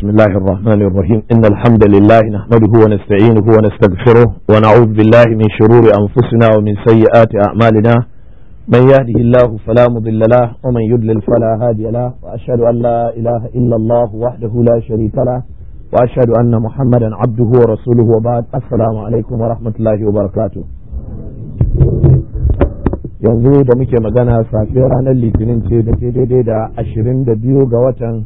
بسم الله الرحمن الرحيم إن الحمد لله نحمده ونستعينه ونستغفره ونعوذ بالله من شرور أنفسنا ومن سيئات أعمالنا من يهده الله فلا مضل له ومن يضلل فلا هادي له وأشهد أن لا إله إلا الله وحده لا شريك له وأشهد أن محمدا عبده ورسوله وبعد السلام عليكم ورحمة الله وبركاته yanzu da muke magana safiyar ranar litinin ce da daidai da 22 ga watan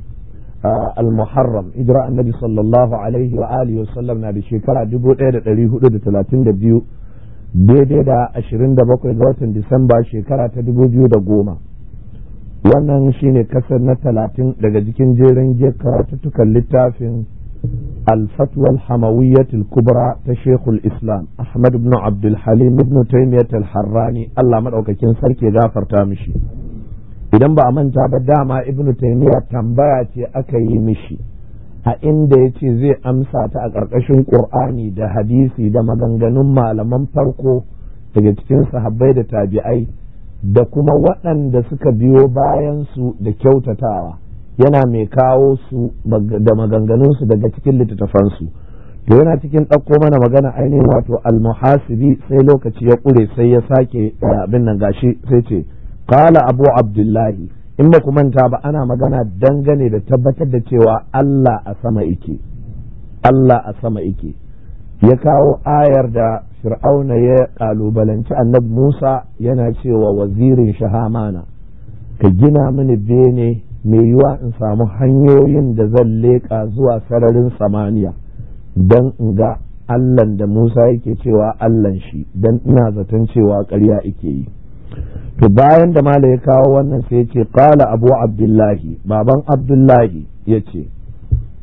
al-muharram hijira annabi sallallahu alaihi wa alihi wasallam na da shekara 1432 daidai da 27 ga watan disamba shekara ta goma wannan shine kasar na talatin daga cikin jeren karatuttukan littafin الفتوى الحموية الكبرى تشيخ الإسلام أحمد بن عبد الحليم بن تيمية الحراني الله مدعوك كنسر كي غافر تامشي idan ba a manta ba dama ibnu taymiya tambaya ce aka yi mishi a inda ya ce zai amsa ta a ƙarƙashin ƙur'ani da hadisi da maganganun malaman farko daga cikin sahabbai da tabi'ai da kuma waɗanda suka biyo bayan su da kyautatawa yana mai kawo su da maganganunsu daga cikin littattafansu to yana cikin ɗauko mana magana ainihin wato almuhasibi sai lokaci ya ƙure sai ya sake abin nan gashi sai ce qala abu abdullahi in ba ku manta ba ana magana dangane da tabbatar da cewa Allah a sama yake Allah a sama yake ya kawo ayar da fir'auna ya kalubalanci annabi Musa yana cewa wazirin shahamana ka gina mini bene mai yiwa in samu hanyoyin da zan leƙa zuwa sararin samaniya don in ga Allahn da Musa yake cewa Allahn shi don ina zaton cewa ƙarya ike yi to bayan da mala ya kawo wannan sai ya ce qala abu abdullahi baban abdullahi ya ce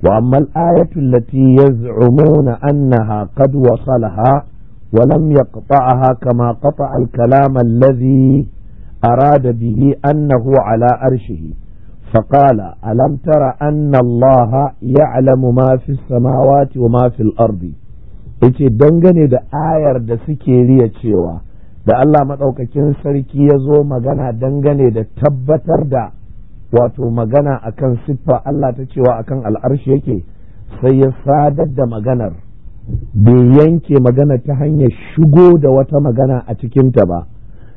wa ammal ayatu allati yaz'umuna annaha qad wasalaha wa lam yaqta'aha kama qata'a al-kalam alladhi arada bihi annahu ala arshihi فقال ألم تر أن الله يعلم ما في السماوات وما في الأرض yace dangane da ayar da suke riya cewa da Allah maɗaukakin sarki ya zo magana dangane da tabbatar da wato magana akan siffa Allah ta cewa akan al'arshi yake sai ya sadar da maganar bai yanke magana ta hanyar shigo da wata magana a cikinta ba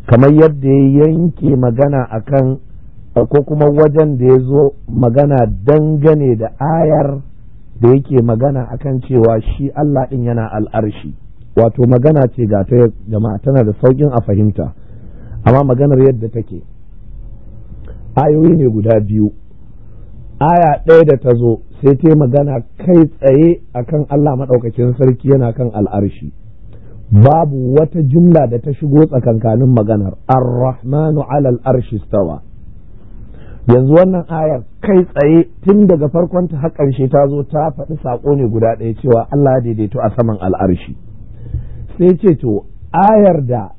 kamar yadda ya yanke magana akan ko kuma wajen da ya zo magana dangane da ayar da yake magana akan cewa shi Allah ɗin yana al'arshi wato magana ce ga ta jama'a tana da saukin a fahimta amma maganar yadda take ayoyi ne guda biyu aya ɗaya da ta zo sai ta magana kai tsaye a kan Allah maɗaukacin sarki yana kan al'arshi babu wata jumla da ta shigo tsakankanin maganar ar-rahmanu alal arshi stawa yanzu wannan ayar kai tsaye tun daga farkon ta har ƙarshe ta zo ta faɗi saƙo ne guda ɗaya cewa Allah ya daidaito a saman al'arshi sai ce to ayar da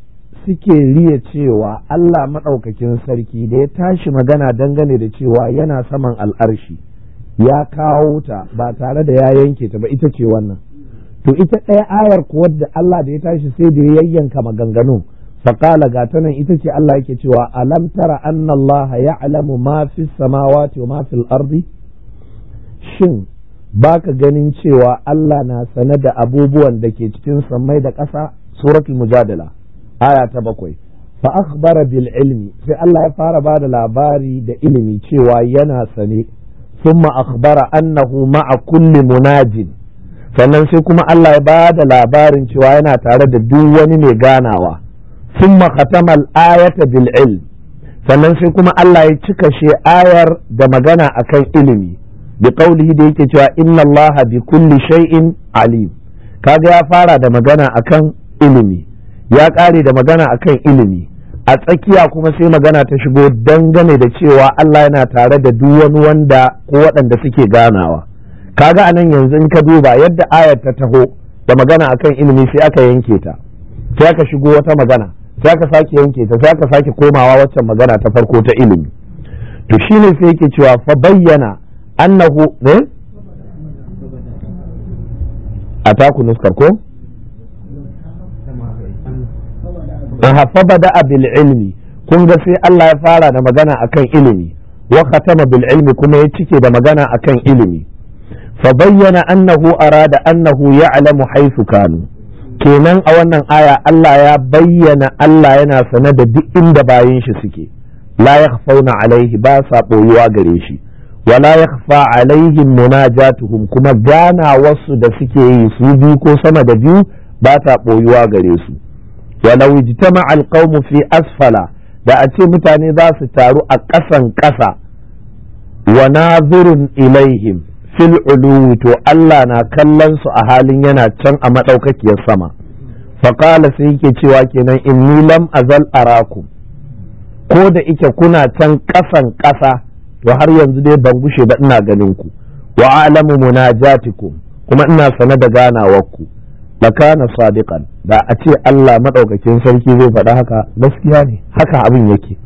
suke riya cewa Allah maɗaukakin sarki da ya tashi magana dangane da cewa yana saman al'arshi ya kawo ta ba tare da ya yanke ta ba ita ce wannan to ita ɗaya ayar kuwa da Allah da ya tashi sai da ya yayyanka maganganu faƙala ga ta ita ce Allah yake cewa alam tara anna Allah alamu ma fi samawati wa ma fil shin baka ganin cewa Allah na sane da abubuwan da ke cikin sammai da ƙasa suratul mujadala aya ta bakwai fa akhbara bil ilmi sai Allah ya fara ba da labari da ilimi cewa yana sane thumma akhbara annahu ma'a kulli munajin sannan sai kuma Allah ya ba da labarin cewa yana tare da duk wani mai ganawa thumma khatama al ayata bil ilm sannan sai kuma Allah ya cika she ayar da magana akan ilimi bi qawlihi da yake cewa inna allaha bi kulli shay'in alim kaga ya fara da magana akan ilimi ya kare da magana akan ilimi a tsakiya kuma sai magana ta shigo dangane da cewa Allah yana tare da duk wani wanda ko waɗanda suke ganawa kaga anan yanzu in ka duba yadda ayar ta taho da magana akan ilimi sai aka yanke ta sai aka shigo wata magana sai aka sake yanke ta sai aka sake komawa waccan magana ta farko ta ilimi to shine sai yake cewa fa bayyana annahu ne eh? a taku nuskar ko bada bil ilmi kun ga sai Allah ya fara da magana akan ilimi wa khatama bil ilmi kuma ya cike da magana akan ilimi fa bayyana annahu arada annahu ya'lamu haythu kanu kenan a wannan aya Allah ya bayyana Allah yana sane da duk inda bayin shi suke la yakhfawna alaihi ba sa boyuwa gare shi wala fa alaihim munajatuhum kuma gana wasu da suke yi su biyu ko sama da biyu ba ta boyuwa gare su walau ijtama alqawm fi asfala da a ce mutane za su taru a ƙasan ƙasa wa nazirun ilaihim fil uluwi to Allah na kallon su a halin yana can a madaukakiyar sama qala sai yake cewa kenan inni lam azal arakum ko da ike kuna can ƙasan ƙasa wa har yanzu dai ban gushe ba ina ganin ku wa alamu munajatikum kuma ina sane da ganawar ganawarku lakana sadiqan da a ce Allah madaukakin sarki zai faɗa haka gaskiya ne haka abin yake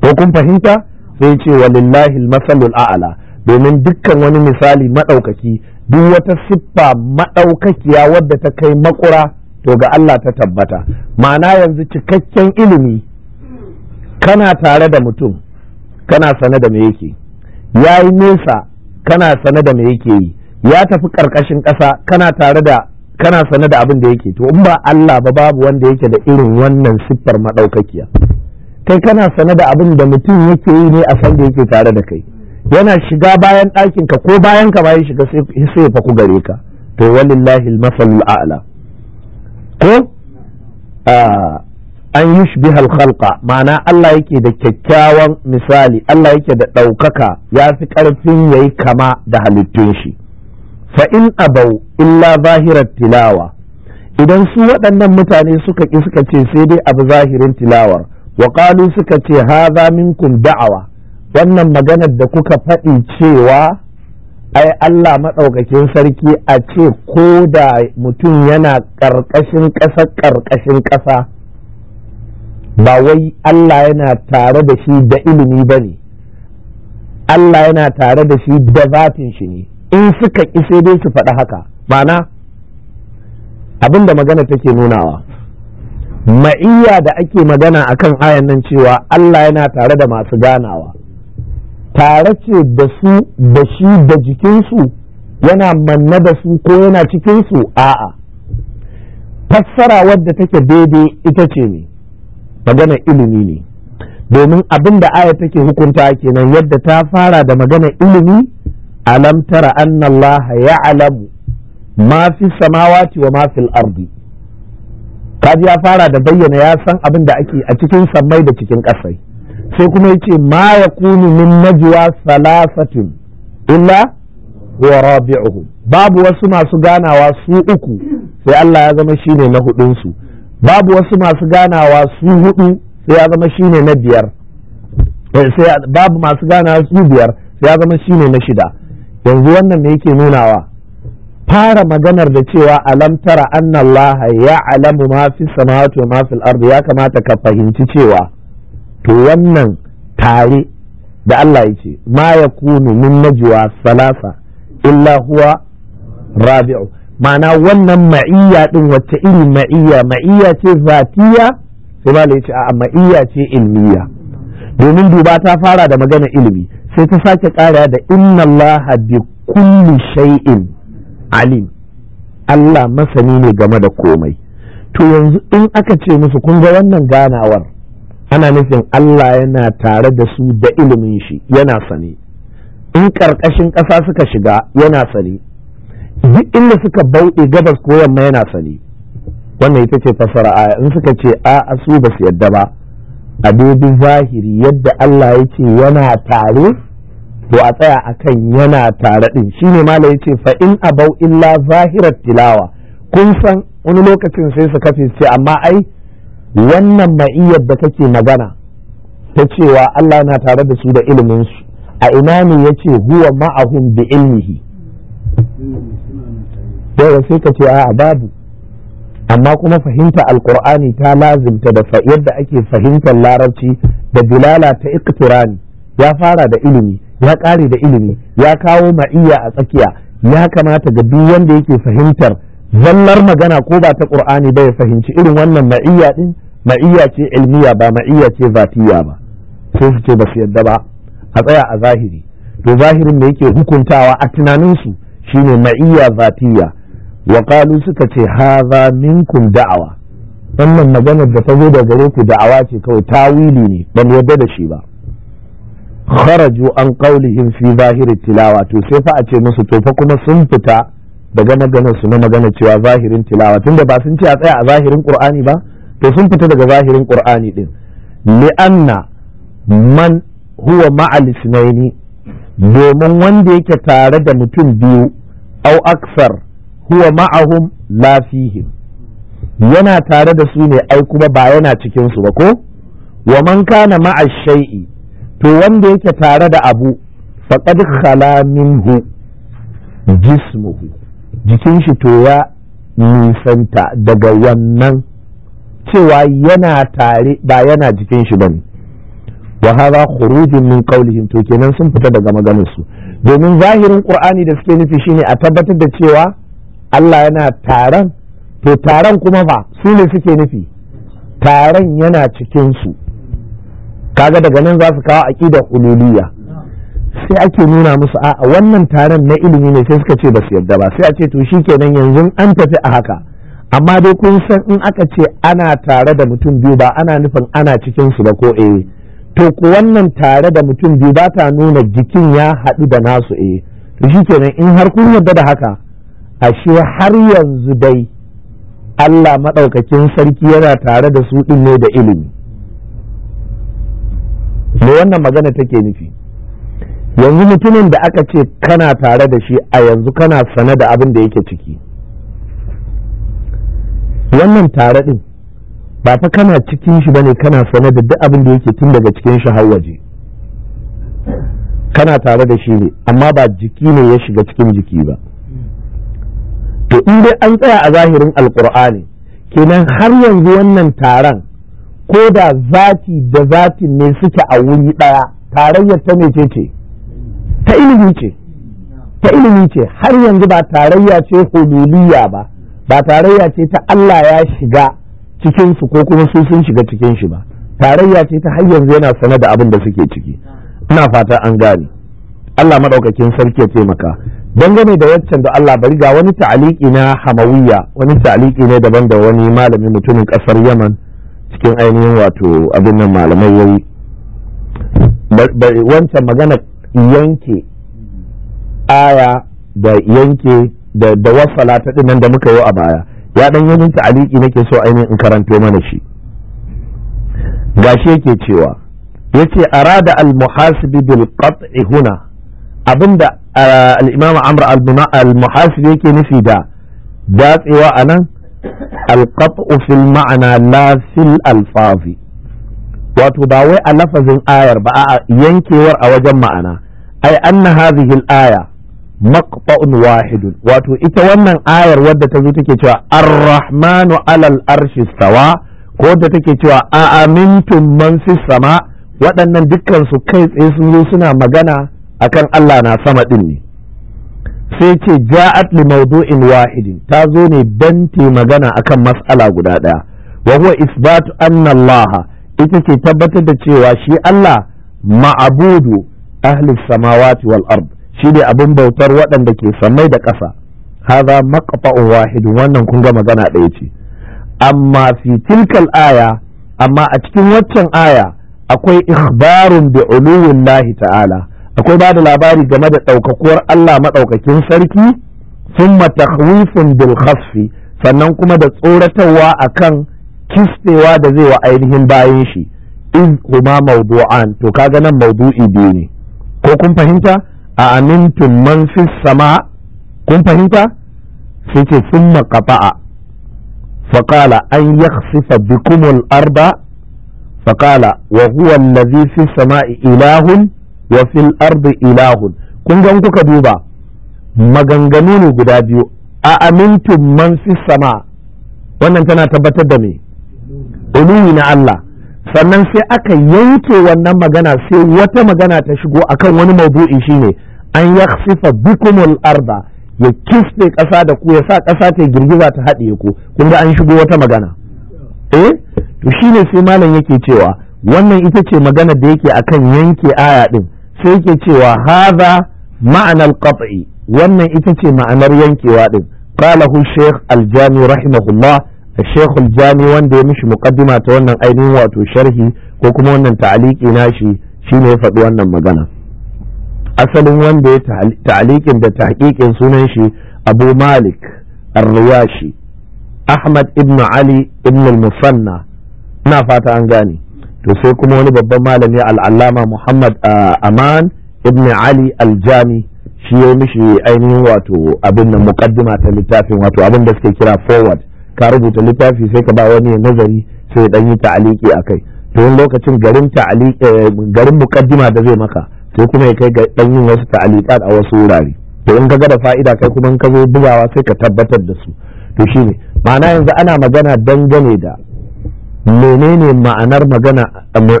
to kun fahimta sai ce walillahi almasalul a'la domin dukkan wani misali madaukaki duk wata siffa madaukakiya wadda ta kai makura to ga Allah ta tabbata ma'ana yanzu cikakken ilimi kana tare da mutum kana sane da me yake ya yi nesa kana sane da me yake yi ya tafi ƙarƙashin ƙasa kana tare da kana sane da abin da yake to in ba Allah ba babu wanda yake da irin wannan siffar madaukakiya kai kana sane da abin da mutum yake yi ne a san da yake tare da kai yana shiga bayan ɗakin ka ko bayan ka ya shiga sai fa ku gare ka to walillahi al-masalul a'la ko ah, an yi yushbihal khalqa ma'ana Allah yake da kyakkyawan misali Allah yake da ɗaukaka ya fi ƙarfin yayi kama da halittun shi fa in abau illa zahirar tilawa idan su waɗannan mutane suka ƙi suka ce sai dai abu zahirin tilawar wa qalu suka ce hadha minkum da'awa wannan maganar da kuka faɗi cewa ai Allah maɗaukakin sarki a ce ko da mutum yana ƙarƙashin ƙasa ƙarƙashin ƙasa ba wai Allah yana tare da shi da ilimi ba ne Allah yana tare da shi da zatin shi ne in suka ise dai su faɗi haka ma'ana abin da magana take nunawa ma'iyya da ake magana akan ayan nan cewa Allah yana tare da masu ganawa tare ce da su da shi da jikinsu yana manna da su ko yana cikinsu a'a fassara wadda take daidai ita ce ne magana ilimi ne domin abin da aya take hukunta kenan yadda ta fara da magana ilimi alam tara anna Allah ya'lamu ma fi samawati wa ma fil ardi kaji ya fara da bayyana ya san abin da ake a cikin sammai da cikin ƙasai sai kuma yace ma yakunu min najwa salasatin illa wa rabi'uhum babu wasu masu ganawa su uku sai Allah ya zama shine na hudun su babu wasu masu ganawa su hudu sai ya zama shine na biyar eh, sai babu masu ganawa su biyar sai ya zama shine na shida yanzu wannan me yake nunawa fara maganar da cewa alam tara annallaha ya alamu ma fi samawati wa ma fil ardi ya kamata ka fahimci cewa to wannan tare da Allah yake ma yakunu min najwa salasa illa huwa rabi'u ma'ana wannan ma'iyya din wacce iri ma'iyya ma'iyya ce zatiya sai ba ce a ma'iyya ce ilmiya domin duba ta fara da magana ilimi sai ta sake kara da inna Allah bi kulli shay'in alim Allah masani ne game da komai to yanzu in aka ce musu kun ga wannan ganawar ana nufin Allah yana tare da su da ilimin shi yana sani in karkashin ƙasa suka shiga yana sani duk inda suka bauɗe gabas ko yamma yana sani wannan ita ce fasara aya in suka ce a su ba su yadda ba a dubi zahiri yadda Allah ya ce yana tare to a tsaya akan yana tare din shine mala ya ce fa in abau illa zahirar tilawa kun san wani lokacin sai su kafe ce amma ai wannan ma'iyyar da kake magana ta cewa Allah na tare da su da ilimin su a ina ne yace huwa ma'ahum bi ilmihi sai sai ka ce a babu amma kuma fahimta alkur'ani ta lazimta da yadda ake fahimtar larabci da bilala ta iktirani ya fara da ilimi ya ƙare da ilimi ya kawo ma'iyya a tsakiya ya kamata ga duk wanda yake fahimtar zallar magana ko ba ta qur'ani ba ya fahimci irin wannan ma'iyya din ma'iyya ce ilmiya ba ma'iyya ce zatiya ba sai su ce ba su yadda ba a tsaya a zahiri to zahirin da yake hukuntawa a tunanin tunaninsu shine ma'iyya zatiya suka ce haza منكم da'awa wannan maganar da ta zo da gare ku da'awa ce kawai tawili ne ban yadda da shi ba kharaju an qaulihim fi zahiri tilawa to sai fa a ce musu to fa kuma sun fita daga maganar su na magana cewa zahirin tilawa tunda ba sun ce a tsaya a zahirin qur'ani ba to sun fita daga zahirin qur'ani din li'anna man huwa ma'al isnaini domin wanda yake tare da mutum biyu au aksar huwa ma'ahum la yana tare da su ne ai kuma ba yana cikin su ba ko wa man kana ma'a shay'i to wanda yake tare da abu faqad khala minhu jismuhu jikin shi to ya nisanta daga wannan cewa yana tare ba yana jikin shi bane wa hada khurujun min qawlihim to kenan sun fita daga maganar su domin zahirin qur'ani da suke nufi shine a tabbatar da cewa Allah yana taron to taron kuma ba su ne suke nufi taron yana cikinsu. kaga daga nan za su kawo da ululiyya sai ake nuna musu a wannan taron na ilimi ne sai suka ce ba su yarda ba sai a ce to shi nan yanzu an tafi a haka amma dai kun san in aka ce ana tare da mutum biyu ba ana nufin ana cikinsu su ba ko eh to ku wannan tare da mutum biyu ba ta nuna jikin ya haɗu da nasu eh to nan in har kun yarda da haka ashe har yanzu dai Allah maɗaukakin sarki yana tare da su ɗin ne da ilimi me wannan magana take nufi yanzu mutumin da aka ce kana tare da shi a yanzu kana sane da abin da yake ciki wannan tare ɗin ba fa kana cikin shi bane kana sane da duk abin da yake tun daga cikin shi har waje kana tare da shi ne amma ba jiki ne ya shiga cikin jiki ba to in dai an tsaya a zahirin alkur'ani kenan har yanzu wannan taron ko da zati da zati ne suke a wuri ɗaya tarayyar ta mece ce ta ilimi ce ta ilimi ce har yanzu ba tarayya ce hululiya ba ba tarayya ce ta Allah ya shiga cikinsu su ko kuma su sun shiga cikin shi ba tarayya ce ta har yanzu yana sanar da abin da suke ciki ina fata an gane Allah madaukakin sarki ya taimaka dangane da waccan da Allah bari ga wani ta'aliki na hamawiya wani ta'aliki ne daban da wani malami mutumin kasar Yaman cikin ainihin wato abin nan malamai yayi wancan magana yanke aya da yanke da da wasala ta da muka yi a baya ya dan yi ta'aliki nake so ainihin in karanto mana shi gashi yake cewa yace arada al muhasibi bil qat'i huna abinda al amr al-muhasib yake nufi da datsewa a nan qatu fil ma'ana la fil alfazi wato ba wai a lafazin ayar ba a yankewar a wajen ma'ana ai anna hadhihi al-aya maqta'un wahidun wato ita wannan ayar wadda ta zo take cewa ar-rahmanu alal arshi stawa ko da take cewa a amintum man fis sama waɗannan dukkan su kai tsaye sun zo suna magana akan Allah na sama ɗin ne sai ce ja'at li mawdu'in wahidin ta zo ne dan te magana akan mas'ala guda ɗaya wa huwa isbatu anna Allah ita ce tabbatar da cewa shi Allah ma'abudu ahli samawati wal ard shi ne abin bautar waɗanda ke samai da ƙasa hadha maqta'u wahidin wannan kun ga magana ɗaya ce amma fi tilkal aya amma a cikin waccan aya akwai ikhbarun bi uluwillahi ta'ala akwai ba da labari game da ɗaukakuwar Allah maɗaukakin sarki sun matakwifin bilhassi sannan kuma da tsoratarwa a kan kistewa da zai wa ainihin bayan shi in kuma mawdu'an to kaga nan maudu'i biyu ne ko kun fahimta a amintin man fis sama kun fahimta sai ce summa qata'a فقال أن يخسف بكم الأرض فقال وهو الذي في السماء ilahun? wa fil ardi ilahun kun gan kuka duba maganganu ne guda biyu a amintum man fi sama wannan tana tabbatar da me uluwi na Allah sannan sai aka yanke wannan magana sai wata magana ta shigo akan wani maudu'i shine an yakhsifa bikumul arda ya kisne ƙasa da ku ya sa ƙasa ta girgiza ta haɗe ku kun ga an shigo wata magana eh to shine sai malam yake cewa wannan ita ce magana da yake akan yanke aya din sai ke cewa haza ma'anar qat'i wannan ita ce ma'anar yankewa din qalahu aljami al rahimahullah الشيخ الجامي wanda ya mishi muqaddima ta wannan ainihin wato sharhi ko kuma wannan ta'aliki nashi shine ya faɗi wannan magana asalin wanda ya ta'alikin da tahqiqin sunan shi Abu Malik Ar-Riyashi Ahmad ibn Ali ibn al-Musanna ina fata an gane to sai kuma wani babban malami al'allama muhammad aman ibn ali aljami shi ya mishi ainihin wato abin nan muqaddima ta littafin wato abin da suke kira forward ka rubuta littafi sai ka ba wani nazari sai dan yi ta'aliki akai to in lokacin garin ta'aliki eh, garin muqaddima da zai maka sai kuma ya kai dan yin wasu ta'alikat a wasu wurare to in ka ga da fa'ida kai kuma in ka zo bugawa sai ka tabbatar da su to shine ma'ana yanzu ana magana dangane da menene ma'anar magana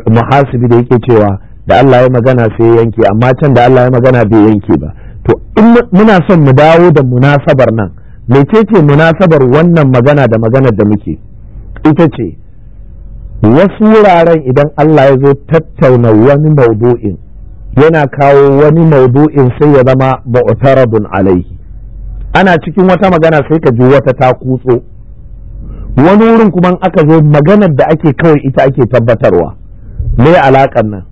muhasibi da yake cewa da Allah ya magana sai yanke amma can da Allah ya magana bai yanke ba to in muna son mu dawo da munasabar nan mecece munasabar wannan magana da maganar da muke ita ce wasu wuraren idan Allah ya zo tattauna wani maudu'in yana kawo wani maudu'in sai ya zama ba'utarabun alaihi ana cikin wata magana sai ka ji wata ta kutso wani wurin kuma aka zo maganar da ake kawai ita ake tabbatarwa me alaƙar nan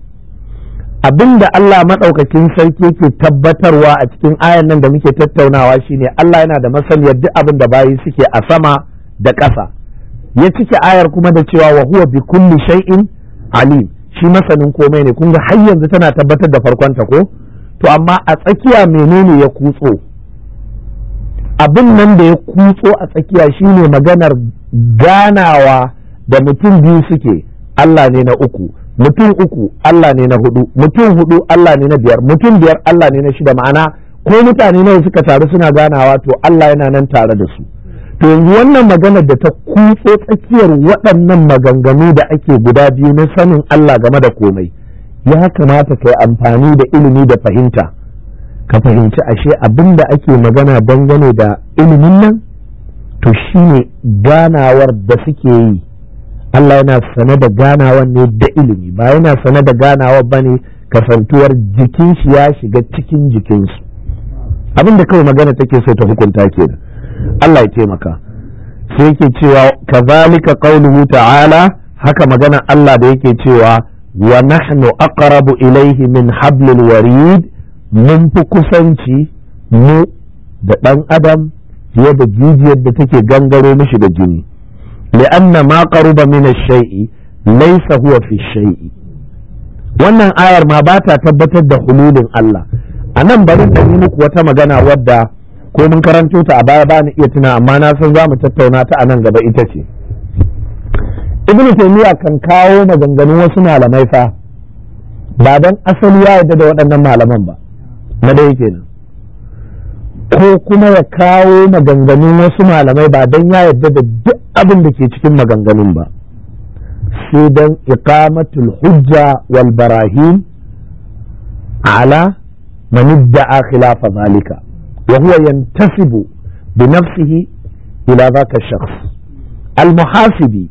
abin da Allah maɗaukakin sarki yake tabbatarwa a cikin ayan nan da muke tattaunawa shine Allah yana da masaniyar duk abin da bayi suke a sama da ƙasa ya cike ayar kuma da cewa wa huwa bi kulli shay'in alim shi masanin komai ne kun ga har yanzu tana tabbatar da farkonta ko to amma a tsakiya menene ya kutso abin nan da ya kutso a tsakiya shine maganar ganawa da mutum biyu suke Allah ne na uku mutum uku Allah ne na hudu mutum hudu Allah ne na biyar mutum biyar Allah ne na shida ma'ana ko mutane nawa suka taru suna ganawa to Allah yana nan tare da su to yanzu wannan maganar da ta kutso tsakiyar waɗannan maganganu da ake guda biyu na sanin Allah game da komai ya kamata ka amfani da ilimi da fahimta ka fahimci ashe abin da ake magana dangane da ilimin nan to shine ganawar da suke yi Allah yana sane da ganawan ne da ilimi ba yana sane da ganawa ba ne kasantuwar jikin shi ya shiga cikin jikinsu abin da kawai magana take so ta hukunta ke Allah ya taimaka sai yake cewa kazalika qauluhu ta'ala haka magana Allah da yake cewa wa nahnu aqrabu ilayhi min hablil warid mun fi kusanci mu da ɗan adam fiye da jijiyar da take gangaro mishi da jini li'anna ma qaruba min ash-shay'i laysa huwa fi shay'i wannan ayar ma ba ta tabbatar da hululin Allah a nan bari da yi muku wata magana wadda ko mun karanto ta a baya ba ni iya tuna amma na san za mu tattauna ta a nan gaba ita ce ibnu taymiya kan kawo maganganun wasu malamai fa ba dan asali ya yarda da waɗannan malaman ba na ke kenan ko kuma ya kawo maganganun wasu malamai ba don ya yarda da duk abin da ke cikin maganganun ba sai don iqamatul hujja wal barahim ala man idda'a khilafa zalika wa huwa yantasibu bi nafsihi ila dhaka shakhs al muhasibi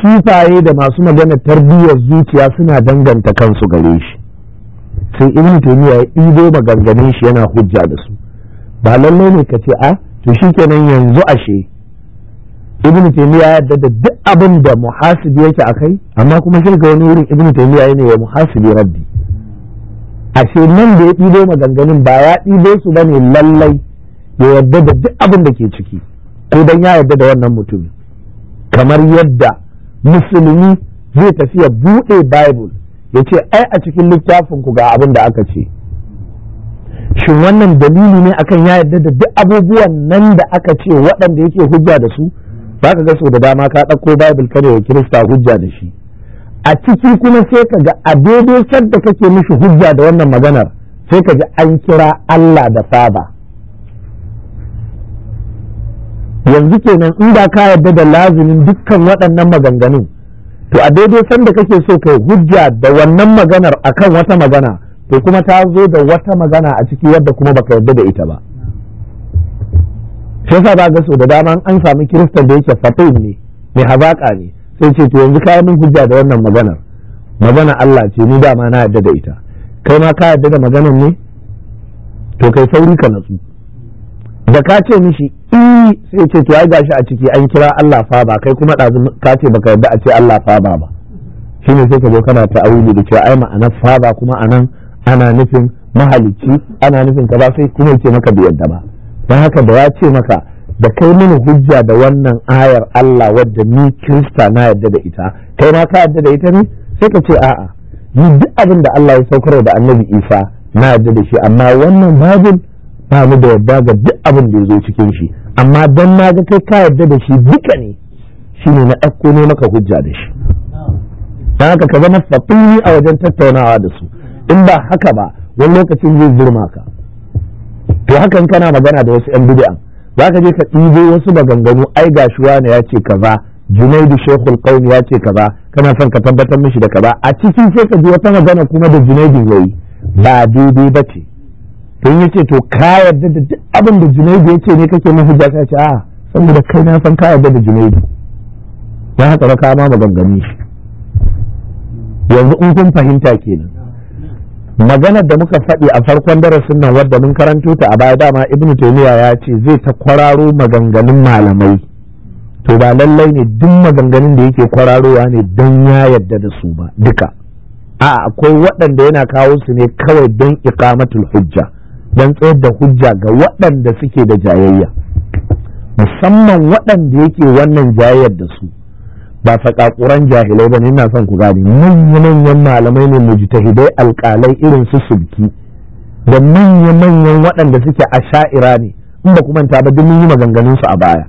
sufaye da masu magana tarbiyyar zuciya suna danganta kansu gare shi sai ibn taymiya ya ibo maganganun shi yana hujja da su ba lallai ne ka ce a ah, to shikenan yanzu ashe ibn taymiya ya da duk abin da muhasibi yake akai amma kuma sai ga wani wurin ibn taymiya yana ya muhasibi rabbi ashe nan da ya ɗibo maganganun ba ya ɗibo su bane lallai ya yadda da duk abin da ke ciki ko dan ya yadda da wannan mutumin kamar yadda musulmi zai tafiya ya buɗe bible ya ce ai a cikin littafin ku ga abin da aka ce shin wannan dalili ne akan ya yarda da duk abubuwan nan da aka ce waɗanda yake hujja da su ba ka ga sau da dama ka ɗauko bible kare wa kirista hujja da shi a ciki kuma sai ka ga a daidai da kake mishi hujja da wannan maganar sai ka ji an kira Allah da saba yanzu kenan in da ka yarda da lazumin dukkan waɗannan maganganun to a daidai sanda kake so kai hujja da wannan maganar akan wata magana to kuma ta zo da wata magana a ciki wadda kuma baka yarda da ita ba sai sa ba so da dama an sami kiristan da yake fatin ne mai hazaka ne sai ce to yanzu kayan min hujja da wannan maganar magana Allah ce ni dama na yarda da ita kai ma ka yarda da maganar ne to kai sauri ka natsu da ka ce mishi ii sai ce to ai gashi a ciki an kira Allah fa ba kai kuma ɗazu ka ce baka yarda a ce Allah fa ba ba shine sai ka zo kana auli da cewa ai ma'anar fa ba kuma anan ana nufin mahalicci ana nufin ka ba sai kuma ce maka bai yarda ba don haka da ya ce maka da kai mini hujja da wannan ayar Allah wadda ni Kirista na yarda da ita kai ma ka yarda da ita ne sai ka ce a'a ni duk abin da Allah ya saukar da Annabi Isa na yarda da shi amma wannan babin ba mu da yadda ga duk abin da ya zo cikin shi amma don maga ga kai ka yadda da shi duka ne shi ne na ɗauko ne maka hujja da shi don haka ka zama fatuni a wajen tattaunawa da su in ba haka ba wani lokacin zai zurma ka to hakan kana magana da wasu 'yan bid'an za ka je ka ɗibo wasu maganganu ai shuwa ne ya ce kaza junaidu shekul qaum ya ce kaza kana son ka tabbatar mishi da kaza a cikin sai ka ji wata magana kuma da da yayi ba daidai ba ce don yace to ka yarda da duk abin da junaidu yace ne kake mafi jaka ce a saboda kai na san ka yarda da junaidu ya haka ba ma maganganu yanzu in kun fahimta kenan maganar da muka faɗi a farkon darasin nan wadda mun karanto ta a baya dama ibnu taymiya ya ce zai ta kwararo maganganun malamai to ba lallai ne duk maganganun da yake kwararowa ne don ya yarda da su ba duka a akwai waɗanda yana kawo su ne kawai don iqamatul hujja don tsayar da hujja ga waɗanda suke da jayayya musamman waɗanda yake wannan jayayyar da su ba faƙaƙuran jahilai ba ne ina son ku gane manya-manyan malamai ne mujtahidai alƙalai irin su sulki da manya-manyan waɗanda suke a sha'ira ne in ba kuma ta ba duk mun yi maganganun su a baya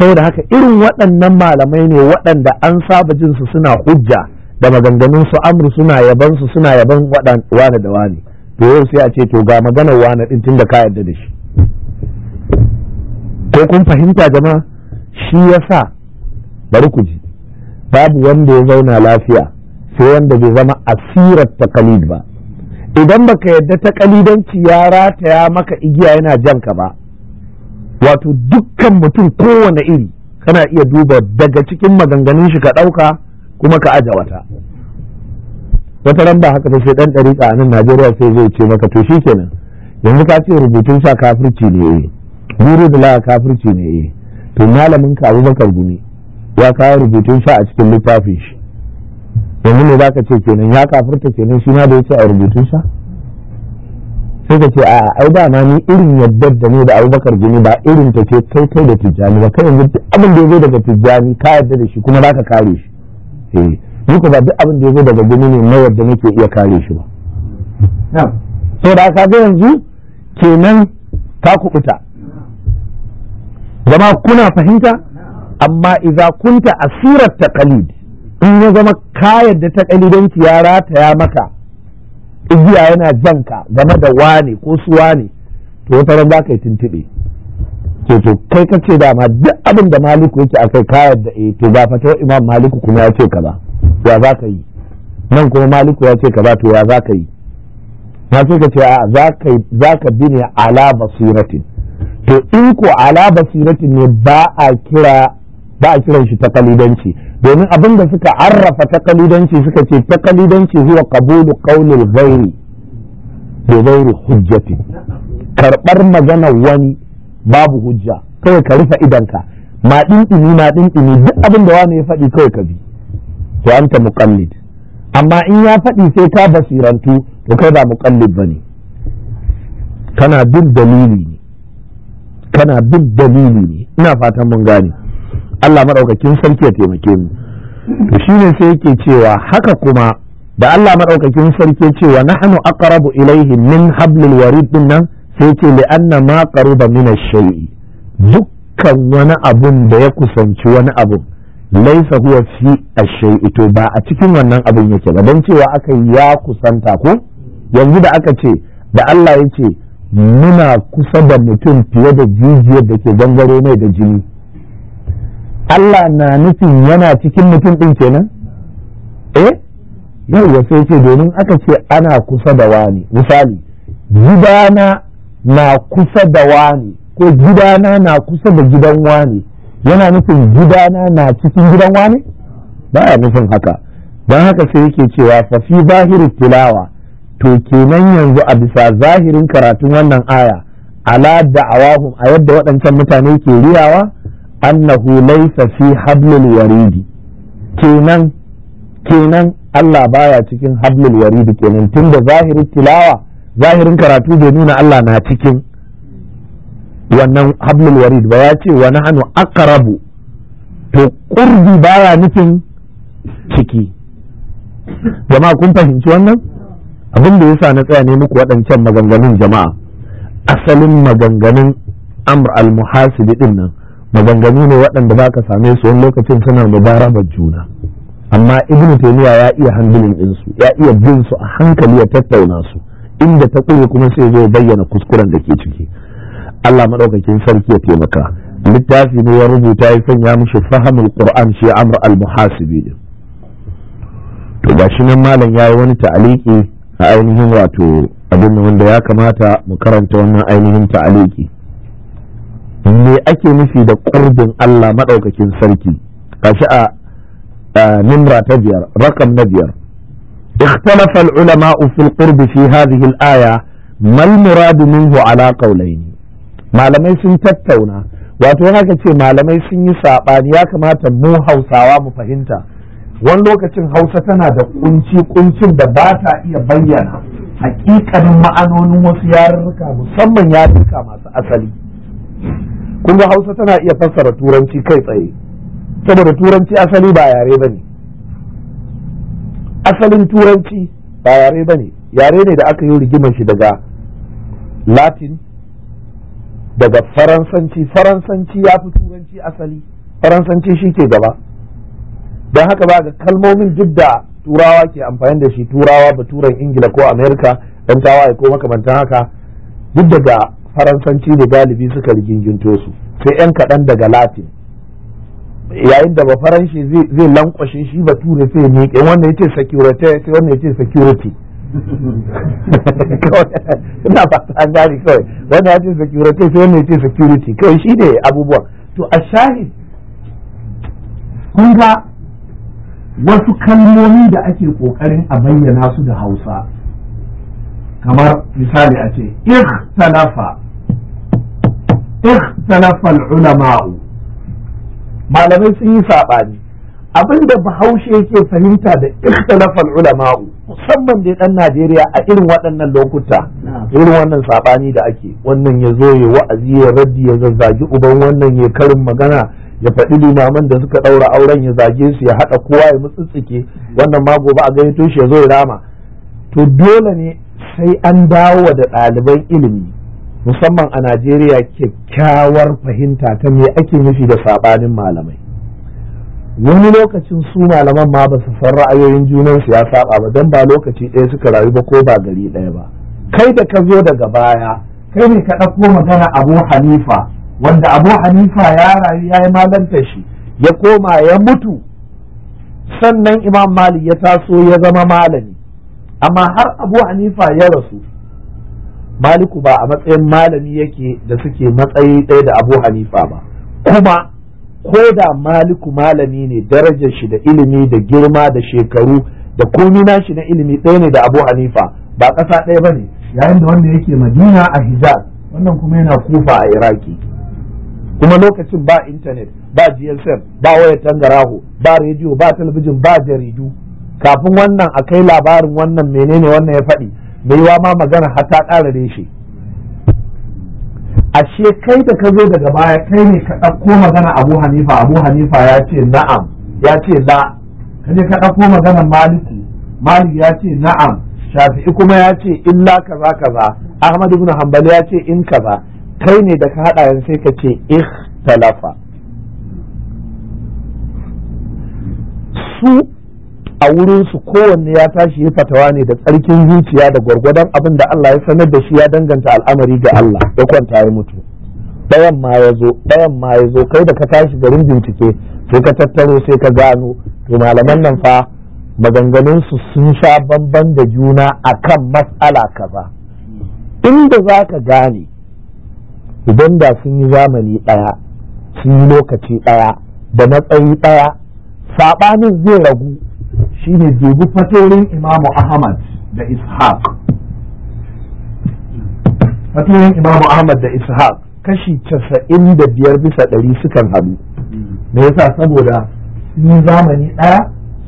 saboda haka irin waɗannan malamai ne waɗanda an saba jinsu suna hujja da maganganun su amru suna yaban su suna yaban wane da wane to yau sai a ce to ga maganar wani din tunda ka yarda da shi ko kun fahimta jama'a shi ya sa, bari ku ji babu wanda ya zauna lafiya sai wanda bai zama asirar ta takalid ba idan baka yarda ta kalidanci ya rataya maka igiya yana jan ka ba wato dukkan mutum kowane iri kana iya duba daga cikin maganganun shi ka ɗauka kuma ka aja wata wata ran ba haka ta sai dan dariƙa a nan Najeriya sai zai ce maka to shikenan yanzu ka ce rubutun sa kafirci ne eh guru da la kafirci ne eh to malamin ka Abubakar Gumi ya kawo rubutun sa a cikin littafin shi yanzu ne zaka ce kenan ya kafirta kenan shi ma da yace a rubutun sa sai ka ce a'a ai ba ma ni irin yadda da ne da Abubakar Gumi ba irin ta ce kai kai da Tijjani ba kai yanzu abin da yake daga Tijjani ka yadda da shi kuma zaka kare shi eh muku ba duk abin da ya zo daga gini ne na wadda muke iya kare shi ba so da aka ga yanzu kenan ka kuɓuta zama kuna fahimta amma iza kunta asirar taqalid in ya zama da ta taqalidanci ya rataya maka igiya yana jan ka, game da wane ko su wane to wata ran za ka yi tuntuɓe ce kai ka ce dama duk abin da maliku yake akai ka da e, eh, to ba imam maliku kuma ya ce ka ba. ya za ka yi nan kuma maliku ya ce ka ba to ya za ka yi na ce ka ce za ka bi ne ala basiratin to in ko ala basiratin ne ba a kira ba a kiran shi takalidanci domin abin da suka arrafa takalidanci suka ce takalidanci zuwa Kabulu qawlil ghairi da ghairi hujjati karɓar magana wani babu hujja kawai ka rufe idanka ma dindini ma duk abin da wani ya faɗi kawai ka bi to anta muqallid amma in ya faɗi sai ka basirantu to kai ba muqallid bane kana bin dalili ne kana bin dalili ne ina fatan mun gane Allah madaukakin sarki ya taimake mu to shine sai yake cewa haka kuma da Allah madaukakin sarki ya ce wa nahnu aqrabu ilayhi min hablil warid dinnan sai ce anna ma qaruba min ash-shay'i dukkan wani abun da ya kusanci wani abun laisa huwa fi ashe ito ba a cikin wannan abin yake ba don cewa aka yi ya kusanta ko yanzu da aka ce da Allah ya ce muna kusa da mutum fiye da jijiyar da ke gangare mai da jini Allah na nufin yana cikin mutum ɗin kenan eh yau sai ce domin aka ce ana kusa da wani misali gidana na kusa da wani ko gidana na kusa da gidan wani yana nufin gidana na cikin gidan wani Ba baya nufin haka don haka sai yake cewa fa fi zahiri tilawa to kenan yanzu a bisa zahirin karatun wannan aya ala da'awahum a yadda waɗancan mutane ke riyawa annahu laysa fi hablul waridi kenan kenan Allah baya cikin hablul waridi kenan tunda zahirin tilawa zahirin karatu bai nuna Allah na cikin wannan hablul warid ba ya ce hannu aka rabu, to ƙurbi baya nufin ciki jama'a kun fahimci wannan abin da sa na tsaya ne muku waɗancan maganganun jama'a asalin maganganun amr al-muhasibi din nan maganganu ne waɗanda ba ka same su wani lokacin suna mubarabar juna amma ibnu taymiya ya iya handling din ya iya bin su a hankali ya tattauna su inda ta kuma sai zo bayyana kuskuren da ke ciki Allah maɗaukakin sarki ya taimaka littafi ne ya rubuta ya sanya mishi fahimul qur'an shi amr al muhasibi din to ba shi nan malam yayi wani ta'aliki a ainihin wato abin wanda ya kamata mu karanta wannan ainihin ta'aliki me ake nufi da qurbin Allah maɗaukakin sarki kashi a nimra ta biyar rakam na biyar اختلف العلماء في القرب في هذه الآية ما المراد منه على قولين malamai sun tattauna wato haka ce malamai sun yi saɓani ya kamata mu hausawa mu fahimta wani lokacin hausa tana da kunci kuncin da ba ta iya bayyana hakikanin ma'anonin wasu yarurruka musamman yarurruka masu asali Kuma hausa tana iya fassara turanci kai tsaye saboda turanci asali ba yare ba ne asalin turanci ba yare ba ne yare ne da aka yi rigimar shi daga latin daga faransanci faransanci ya fi turanci asali faransanci shi ke gaba don haka ba ga kalmomin duk da turawa ke amfani da shi turawa turan ingila ko amerika don tawaye ko makamantan haka duk daga faransanci da galibi suka riginginto su sai yan kaɗan daga latin yayin da ba faranshi zai lankwashe shi ba bature sai ne wannan ya ya ce security ina fata an kawai wannan ya ce security sai wannan ya ce security kawai shi ne abubuwan to a shahid kun ga wasu kalmomi da ake kokarin a bayyana su da hausa kamar misali a ce ikhtalafa ikhtalafa al-ulama'u malamai sun yi saɓani abinda bahaushe yake fahimta da ikhtalafa al-ulama'u musamman dai dan Najeriya a irin waɗannan lokuta irin wannan sabani da ake wannan ya zo ya wa'azi ya raddi ya zazzagi uban wannan ya karin magana ya faɗi limaman da suka ɗaura auren ya zage su ya haɗa kowa ya mutsitsike wannan ma gobe a gani shi ya zo ya rama to dole ne sai an dawo da ɗaliban ilimi musamman a Najeriya kyakkyawar fahimta ta me ake nufi da sabanin malamai wani lokacin su malaman ma ba su san ra'ayoyin su ya saba ba don ba lokaci ɗaya suka rayu ba ko ba gari ɗaya ba kai da ka zo daga baya kai ne ka ɗauko magana abu hanifa wanda abu hanifa ya rayu ya yi malantar shi ya koma ya mutu sannan imam malik ya taso ya zama malami amma har abu hanifa ya rasu maliku ba a matsayin malami yake da suke matsayi ɗaya da abu hanifa ba kuma ko da maliku malami ne darajar shi da ilimi da girma da shekaru da komi shi na ilimi ɗaya ne da abu hanifa ba ƙasa ɗaya ba ne yayin da wanda yake madina a hijaz wannan kuma yana kufa a iraki kuma lokacin ba intanet ba gsm ba wayar tangaraho ba rediyo ba talabijin ba jaridu kafin wannan a kai labarin wannan menene wannan ya faɗi mai yiwa ma magana har ta ƙara reshe ashe kai da ka zo daga baya kai ne ka ɗauko magana abu hanifa abu hanifa ya ce na'am ya ce la ka ne ka ɗauko magana maliki maliki ya ce na'am shafi'i kuma ya ce illa kaza kaza ahmad ibn hanbal ya ce in kaza kai ne da ka haɗa yanzu sai ka ce ikhtalafa su a wurinsu kowanne ya tashi ya fatawa ne da tsarkin zuciya da gwargwadon abin da Allah ya sanar da shi ya danganta al'amari ga Allah ya kwanta ya mutu ɗayan ma ya zo ɗayan ma ya zo kai da ka tashi garin bincike sai ka tattaro sai ka gano to malaman nan fa maganganunsu sun sha bamban da juna akan matsala kaza inda za ka gane idan da sun yi zamani ɗaya sun yi lokaci ɗaya da matsayi ɗaya saɓanin zai ragu Shi ne dubu fatorin imamu ahmad da ishaq fatorin imamu ahmad da ishaq kashi casa'in da biyar bisa ɗari sukan haɗu me yasa saboda sun zamani ɗaya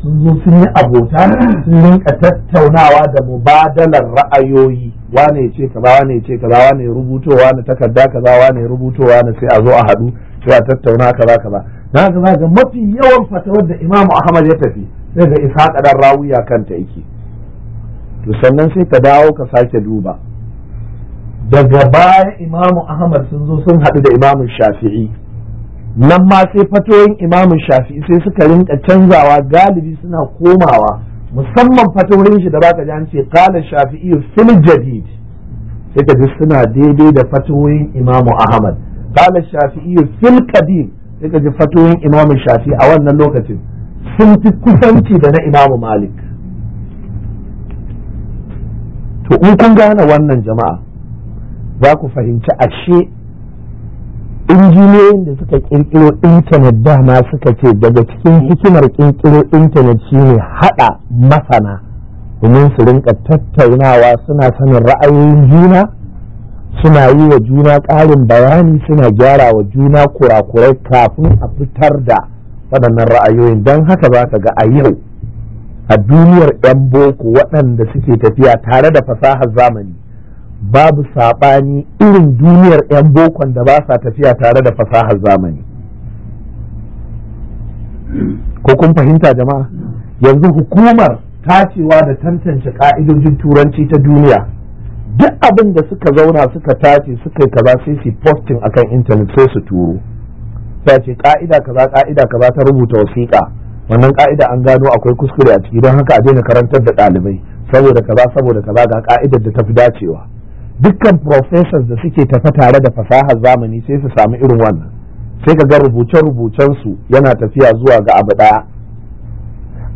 sun zo sun yi abota sun rinka tattaunawa da mubadalar ra'ayoyi wane ce kaza wane ce kaza wane rubuto wane takarda kaza wane rubuto wane sai a zo a haɗu cewa tattauna kaza kaza na ga mafi yawan fatawar da imamu ahmad ya tafi sai ga isa kadan rawuya kanta yake to sannan sai ka dawo ka sake duba daga baya imamu ahmad sun zo sun haɗu da imamu shafi'i nan ma sai fatoyin imamu shafi'i sai suka rinka canzawa galibi suna komawa musamman fatoyin shi da baka ji an ce kala shafi'i fil jadid sai ka ji suna daidai da fatoyin imamu ahmad kala shafi'i fil kadim sai ka ji fatoyin imamu shafi'i a wannan lokacin sun fi kusanci da na imamu malik to in kun gane wannan jama'a za ku fahimci ashe injiniyoyin da suka kirkiro intanet dama suka ce daga cikin hikimar kirkiro intanet shine hada masana domin su rinka tattaunawa suna sanin ra'ayoyin juna suna yi wa juna ƙarin bayani suna gyara wa juna kurakurai kafin a fitar da waɗannan ra'ayoyin don haka za ka ga a yau a duniyar 'yan boko waɗanda suke tafiya tare da fasahar zamani babu saɓani irin duniyar 'yan bokon da ba sa tafiya tare da fasahar zamani ko kun fahimta jama'a yanzu hukumar tacewa da tantance ka'idojin turanci ta duniya duk abin da suka zauna suka tace suka yi kaza sai su posting akan intanet sai su turo ta ce ka'ida kaza ka'ida kaza ta rubuta wasiƙa wannan ka'ida an gano akwai kuskure a ciki don haka a daina karantar da ɗalibai saboda kaza saboda kaza ga ka'idar da ta fi dacewa dukkan professors da suke tafa tare da fasahar zamani sai su samu irin wannan sai ka ga rubuce-rubucen su yana tafiya zuwa ga abu ɗaya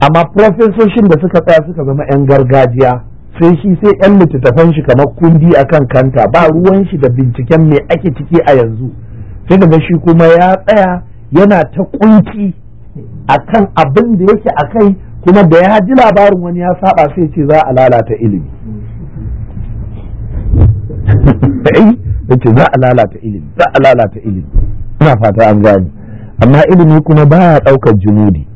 amma profesoshin da suka tsaya suka zama 'yan gargajiya sai shi sai 'yan littattafan shi kamar kundi akan kanta ba ruwan shi da binciken me ake ciki a yanzu sai ka ga shi kuma ya tsaya yana ta kunci kan abin da yake a kai kuma da ya ji labarin wani ya saba sai ce za a lalata ilimi eh, ce za a lalata ilimi za a lalata ilimi ina fata an gani amma ilimi kuma ba ya ɗaukar junudi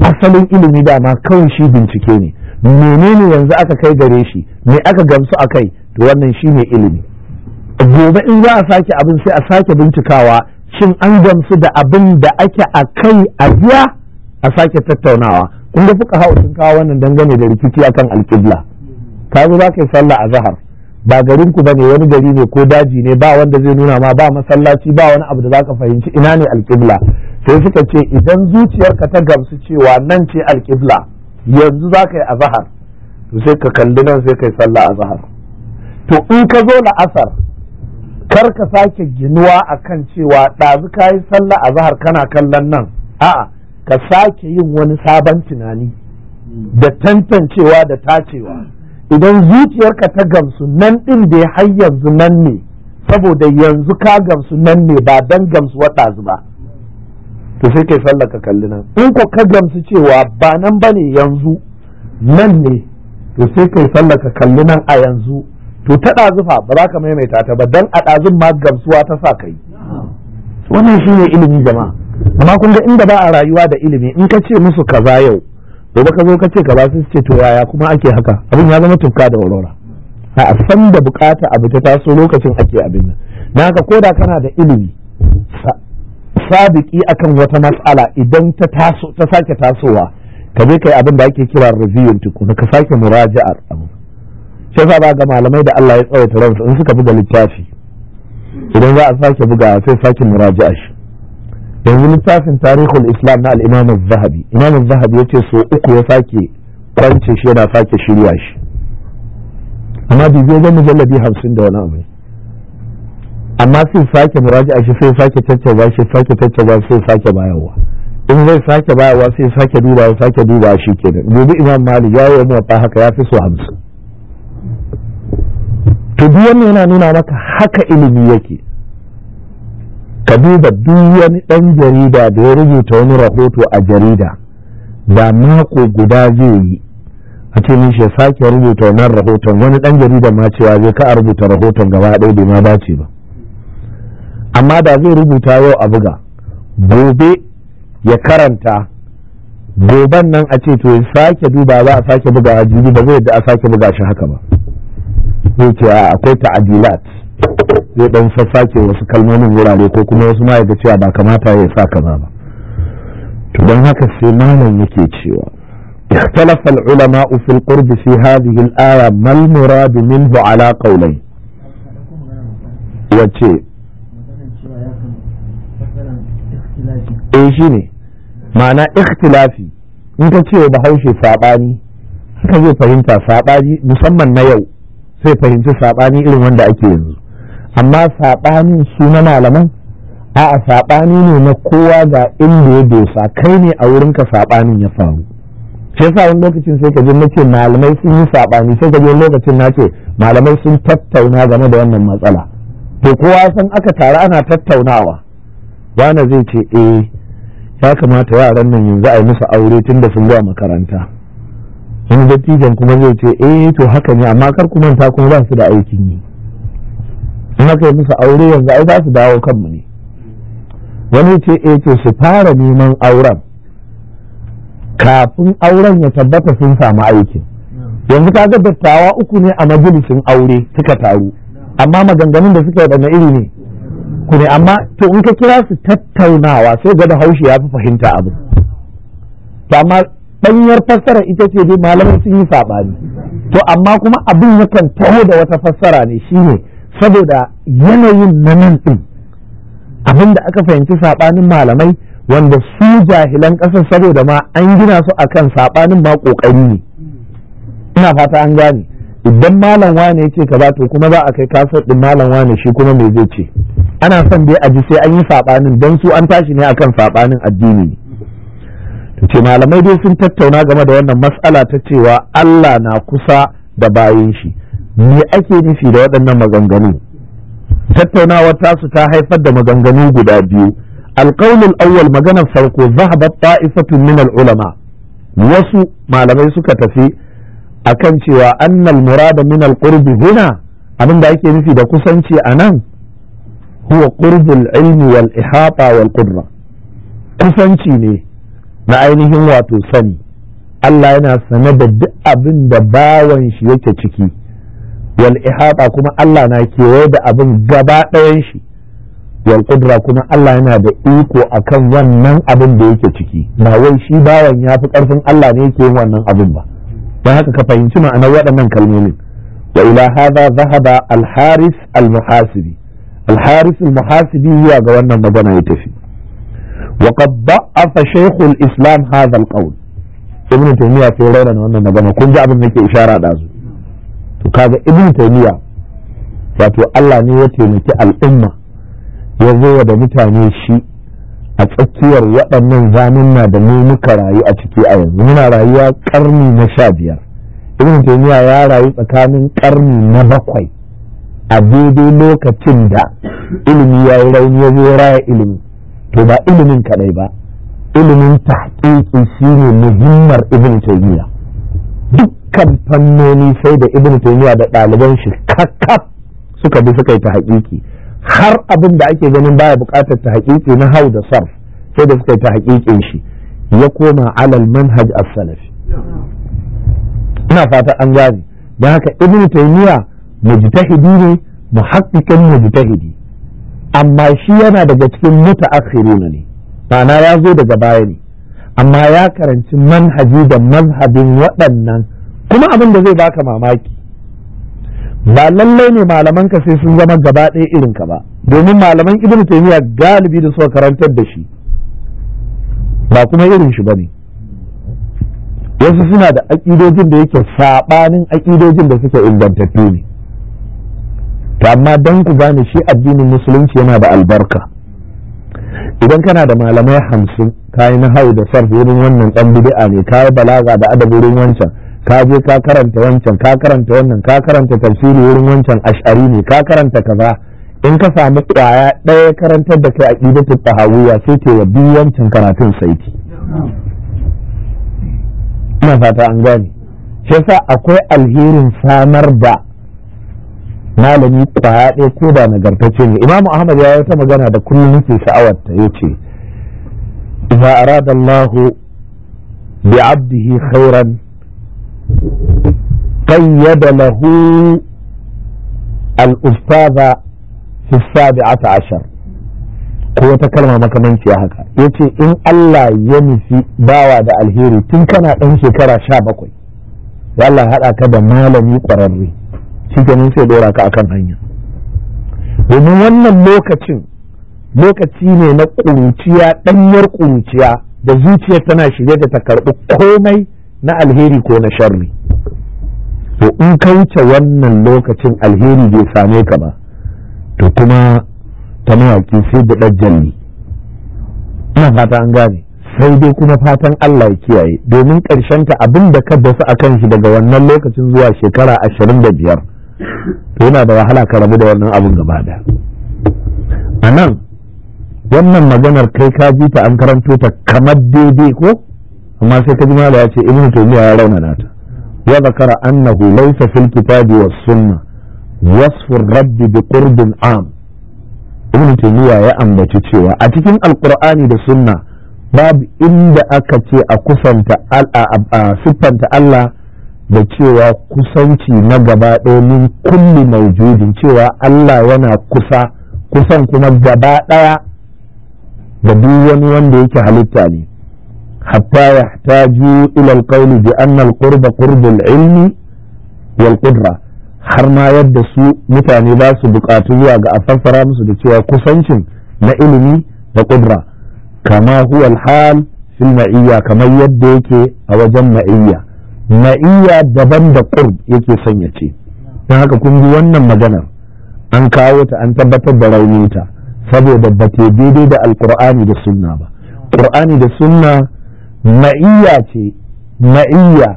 asalin ilimi dama kawai shi bincike ne menene yanzu aka kai gare shi me aka gamsu a kai to wannan shi ne ilimi gobe in za a sake abin sai a sake bincikawa shin an gamsu da abin da ake a kai a jiya a sake tattaunawa kun ga fuka sun kawo wannan dangane da rikici akan alkibla ka zo za ka yi sallah a zahar ba garin ku ne, wani gari ne ko daji ne ba wanda zai nuna ma ba masallaci ba wani abu da za ka fahimci ina ne alƙibla sai suka ce idan zuciyarka ta gamsu cewa nan ce alkibla yanzu za ka yi azahar to sai ka kalli nan sai ka yi sallah zahar? to in ka zo la'asar kar ka sake ginuwa a kan cewa ɗazu ka yi sallah a zahar kana kallon nan a'a ka sake yin wani sabon tunani da tantancewa da tacewa idan zuciyarka ta gamsu nan ɗin da har yanzu nan ne saboda yanzu ka gamsu nan ne ba dan gamsuwa ɗazu ba to sai kai sallah ka kalli nan in ko ka gamsu cewa ba nan ba ne yanzu nan ne to sai kai sallah ka kalli nan a yanzu to ta ɗazufa ba za ka maimaita ta ba don a ɗazun ma gamsuwa ta sa kai wannan shi ne ilimi jama'a amma kun ga inda ba a rayuwa da ilimi in ka ce musu kaza yau gobe ka zo ka ce kaza sai su ce to yaya kuma ake haka abin ya zama tufka da aurora a san da bukata abu ta taso lokacin ake abin nan na haka ko da kana da ilimi sabiki akan wata matsala idan ta taso ta sake tasowa ka je kai abin da ake kira review tukuna ka sake muraja'ar abu sai sa ga malamai da Allah ya tsawaita ransu in suka buga littafi idan za a sake buga sai sake muraji'a shi yanzu littafin tarihul islam na al-imam az-zahabi zahabi imam az zahabi yace so uku ya sake kwance shi yana sake shirya shi amma zai ga jallabi hamsin da wani abu amma sai sake muraji'a shi sai sake tattaba shi sake tattaba sai sake bayarwa in zai sake bayarwa sai sake duba sake duba shi kenan gobe imam malik ya yi wa haka ya fi so hamsin to duk wannan yana nuna maka haka ilimi yake ka duba duk wani ɗan jarida da ya rubuta wani rahoto a jarida da mako guda zai yi a ce mishi ya sake rubuta wannan rahoton wani ɗan jarida ma cewa zai ka rubuta rahoton gaba ɗaya bai ma dace ba amma da zai rubuta yau a buga gobe ya karanta goban nan a ce to ya sake duba za a sake buga a jibi ba zai yadda a sake buga shi haka ba ya ce akwai ta'adilat zai dan sassake wasu kalmomin wurare ko kuma wasu ma yaga cewa ba kamata ya sa kaza ba to don haka sai malam yake cewa اختلف العلماء في القرب في هذه الآية ما المراد منه على قولين وجه eh shi ne ma'ana ikhtilafi in ka ce bahaushe saɓani haka zo fahimta saɓani musamman na yau sai fahimci saɓani irin wanda ake yanzu amma saɓani su na malaman a'a saɓani ne na kowa ga inda ya dosa kai ne a wurinka saɓanin ya faru shi sa wani lokacin sai ka ji nake malamai sun yi saɓani sai ka ji lokacin na ce malamai sun tattauna game da wannan matsala to kowa san aka taru ana tattaunawa wani zai ce eh ya kamata yaran nan yanzu a yi musu aure tun da sun zuwa makaranta in dattijan kuma zai ce eh to haka ne amma kar ku manta kuma ba su da aikin yi in aka musu aure yanzu ai za su dawo kanmu ne wani ce eh to su fara neman auren kafin auren ya tabbata sun samu aikin yanzu ga dattawa uku ne a majalisin aure suka taru amma maganganun da suka yi iri ne ku ne amma to in ka kira su tattaunawa sai ga da haushi ya fi fahimta abu amma ɗanyar fassara ita ce dai malamai sun yi saɓani to amma kuma abin yakan taho da wata fassara ne shine saboda yanayin na nan ɗin abin da aka fahimci saɓanin malamai wanda su jahilan ƙasar saboda ma an gina su a kan saɓanin ma ƙoƙari ne ina fata an gane idan malam wane ya ce kaza to kuma za a kai kasar ɗin malam wane shi kuma me zai ce ana son dai a ji sai an yi saɓanin don su an tashi ne akan saɓanin addini ne ce malamai dai sun tattauna game da wannan matsala ta cewa Allah na kusa da bayan shi me ake nufi da waɗannan maganganu tattaunawar tasu ta haifar da maganganu guda biyu alƙaunin awwal maganar farko zahabat ta'ifatun min ulama wasu malamai suka tafi akan cewa annal murada min alqurbi huna abin da ake nufi da kusanci a nan huwa qurbul ilmi wal ihata wal kusanci ne na ainihin wato sani Allah yana sane da duk abin da bawan shi yake ciki wal ihata kuma Allah na kewaye da abin gaba ɗayan shi wal qudra kuma Allah yana da iko akan wannan abin da yake ciki Na wai shi bawan ya fi ƙarfin Allah ne yake yin wannan abin ba don haka ka fahimci ma'anar waɗannan kalmomin wa ila hadha zahaba al haris al muhasibi al haris al muhasibi ya ga wannan magana ya tafi وقد ضعف شيخ الإسلام هذا القول ابن تيمية في رأينا kun مجانا abin nake ishara da su. To kaga ibn taymiya wato Allah ne ya taimaki al'umma ya zo da mutane shi a tsakiyar waɗannan na da mu muka rayu a ciki a yanzu muna rayuwa ƙarni na sha biyar ibn taymiya ya rayu tsakanin ƙarni na bakwai a daidai lokacin da ilimi ya yi rauni ya zo raya ilimi to ba ilimin kadai ba ilimin tahqiqi shine muhimmar ibn taymiya dukkan fannoni sai da ibn taymiya da ɗaliban shi kakkaf suka bi suka yi ta har abin da ake ganin baya buƙatar ta na hau da sarf sai da suka yi ta shi ya koma alal manhaj as-salafi ina fata an gane don haka ibn taymiya mujtahidi ne muhaqqiqan mujtahidi amma shi yana daga cikin mutaakhiruna ne ma'ana ya zo daga baya ne amma ya karanci manhaji da mazhabin waɗannan kuma abin da zai baka mamaki ba lallai ne malamanka sai sun zama gaba ɗaya irin ba domin malaman ibn taymiya galibi da suka karantar da shi ba kuma irin shi bane wasu suna da aƙidojin da yake saɓanin aƙidojin da suke ingantattu ne to amma dan ku bani shi addinin musulunci yana da albarka idan kana da malamai hamsin ka yi na nahau da sar wurin wannan dan bid'a ne ka yi balaga da adab wurin wancan ka je ka karanta wancan ka karanta wannan ka karanta tafsiri wurin wancan ash'ari ne ka karanta kaza in ka samu kwaya ɗaya karantar da kai aqidatul tahawiyya sai ke wa wancan karatun saiti ina fata an gane shi yasa akwai alherin samar da malami kwaya ɗaya ko da nagartacce ne imamu ahmad ya wata magana da kullum yake sha'awar ta yace a rada allahu bi abdihi khairan qayyada lahu al ustaza fi sabi'ata ashar ko wata kalma ya haka ya ce in Allah ya nufi bawa da alheri tun kana ɗan shekara sha bakwai ya Allah haɗa ka da malami ƙwararre shi kenan sai dora ka akan hanya domin wannan lokacin lokaci ne na ƙunciya ɗanyar ƙunciya da zuciyar tana shirye da ta karɓi komai na alheri ko na sharri to in ka wuce wannan lokacin alheri bai same ka ba to kuma ta mawaƙi sai da jalli ina fata an gane sai dai kuma fatan Allah ya kiyaye domin ƙarshenta abin da ka dasu a kan shi daga wannan lokacin zuwa shekara ashirin da biyar to yana da wahala ka rabu da wannan abin gaba da a nan wannan maganar kai ka ji ta an karanto ta kamar daidai ko amma sai ka ji mala ya ce ibnu taymiya ya na ta ya zakara annahu laysa fil kitabi was sunna wasu rabbi bi qurbin am ibnu taymiya ya ambaci cewa a cikin alqur'ani da sunna babu inda aka ce a kusanta siffanta Allah da cewa kusanci na gaba ɗaya min kulli maujudin cewa Allah yana kusa kusan kuma gaba ɗaya da duk wani wanda yake halitta ne hatta yahtaju ila alqawli bi anna alqurba qurbu ilmi wal qudra har ma yadda su mutane ba su buƙatu zuwa ga a fassara musu da cewa kusancin na ilimi da ƙudra kama huwa alhal fil ma'iyya kamar yadda yake a wajen ma'iyya Ma'iyya daban da ƙur yake sanya ce don haka kun ji wannan magana? an kawo ta an tabbatar da rauninta saboda ba ta daidai da alkur'ani da sunna ba Ƙur'ani da sunna ma'iyya ce ma'iyya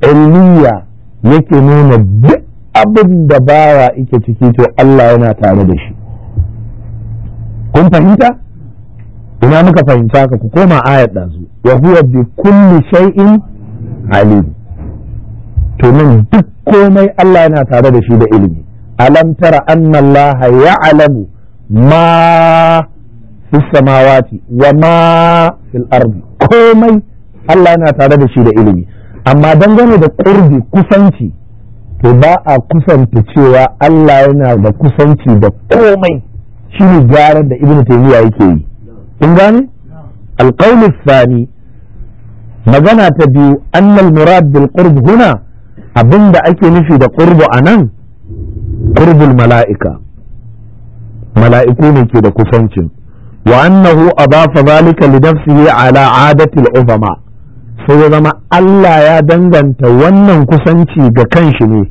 ilmiya yake nuna duk abin da bawa ike ciki to Allah yana tare da shi kun fahimta ina muka fahimta ka ku koma ayat ɗazu wa huwa bi kulli shay'in ali to nan duk komai Allah yana tare da shi da ilimi alam tara anna Allah ya'lamu ma fi samawati wa ma fil ardi komai Allah yana tare da shi da ilimi amma dangane da ƙurbi kusanci to ba a kusanta cewa Allah yana da kusanci da komai shi ne gyaran da ibnu taymiya yake yi in gane alqawl thani magana ta biyu annal murad bil qurb huna abinda ake nufi da qurbu anan qurbul mala'ika mala'iku ne ke da kusancin wa annahu adafa zalika li nafsihi ala adati al uzama sai ya zama Allah ya danganta wannan kusanci ga kanshi ne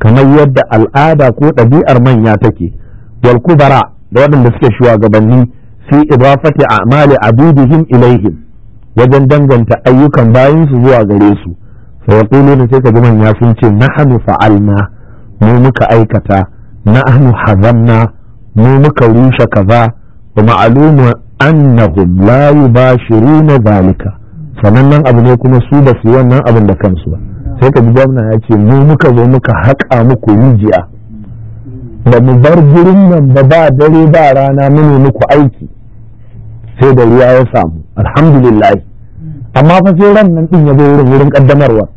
kamar yadda al'ada ko ɗabi'ar manya take wal kubara da waɗanda suke shuwagabanni fi idafati a'mali abidihim ilaihim wajen danganta ayyukan bayansu zuwa gare su sai ya sai ka ji manya sun ce nahnu fa'alna mu muka aikata nahnu hazamna mu muka rushe kaza wa ma'lumu annahum la yubashiruna zalika sanannen abu ne kuma su ba su wannan abin da kansu ba sai ka ji gwamna ya ce mu muka zo muka haƙa muku rijiya ba mu bar gurin nan ba ba dare ba rana mu muku aiki sai da ruwa ya samu alhamdulillah amma fa sai ran nan din ya zo wurin wurin kaddamarwa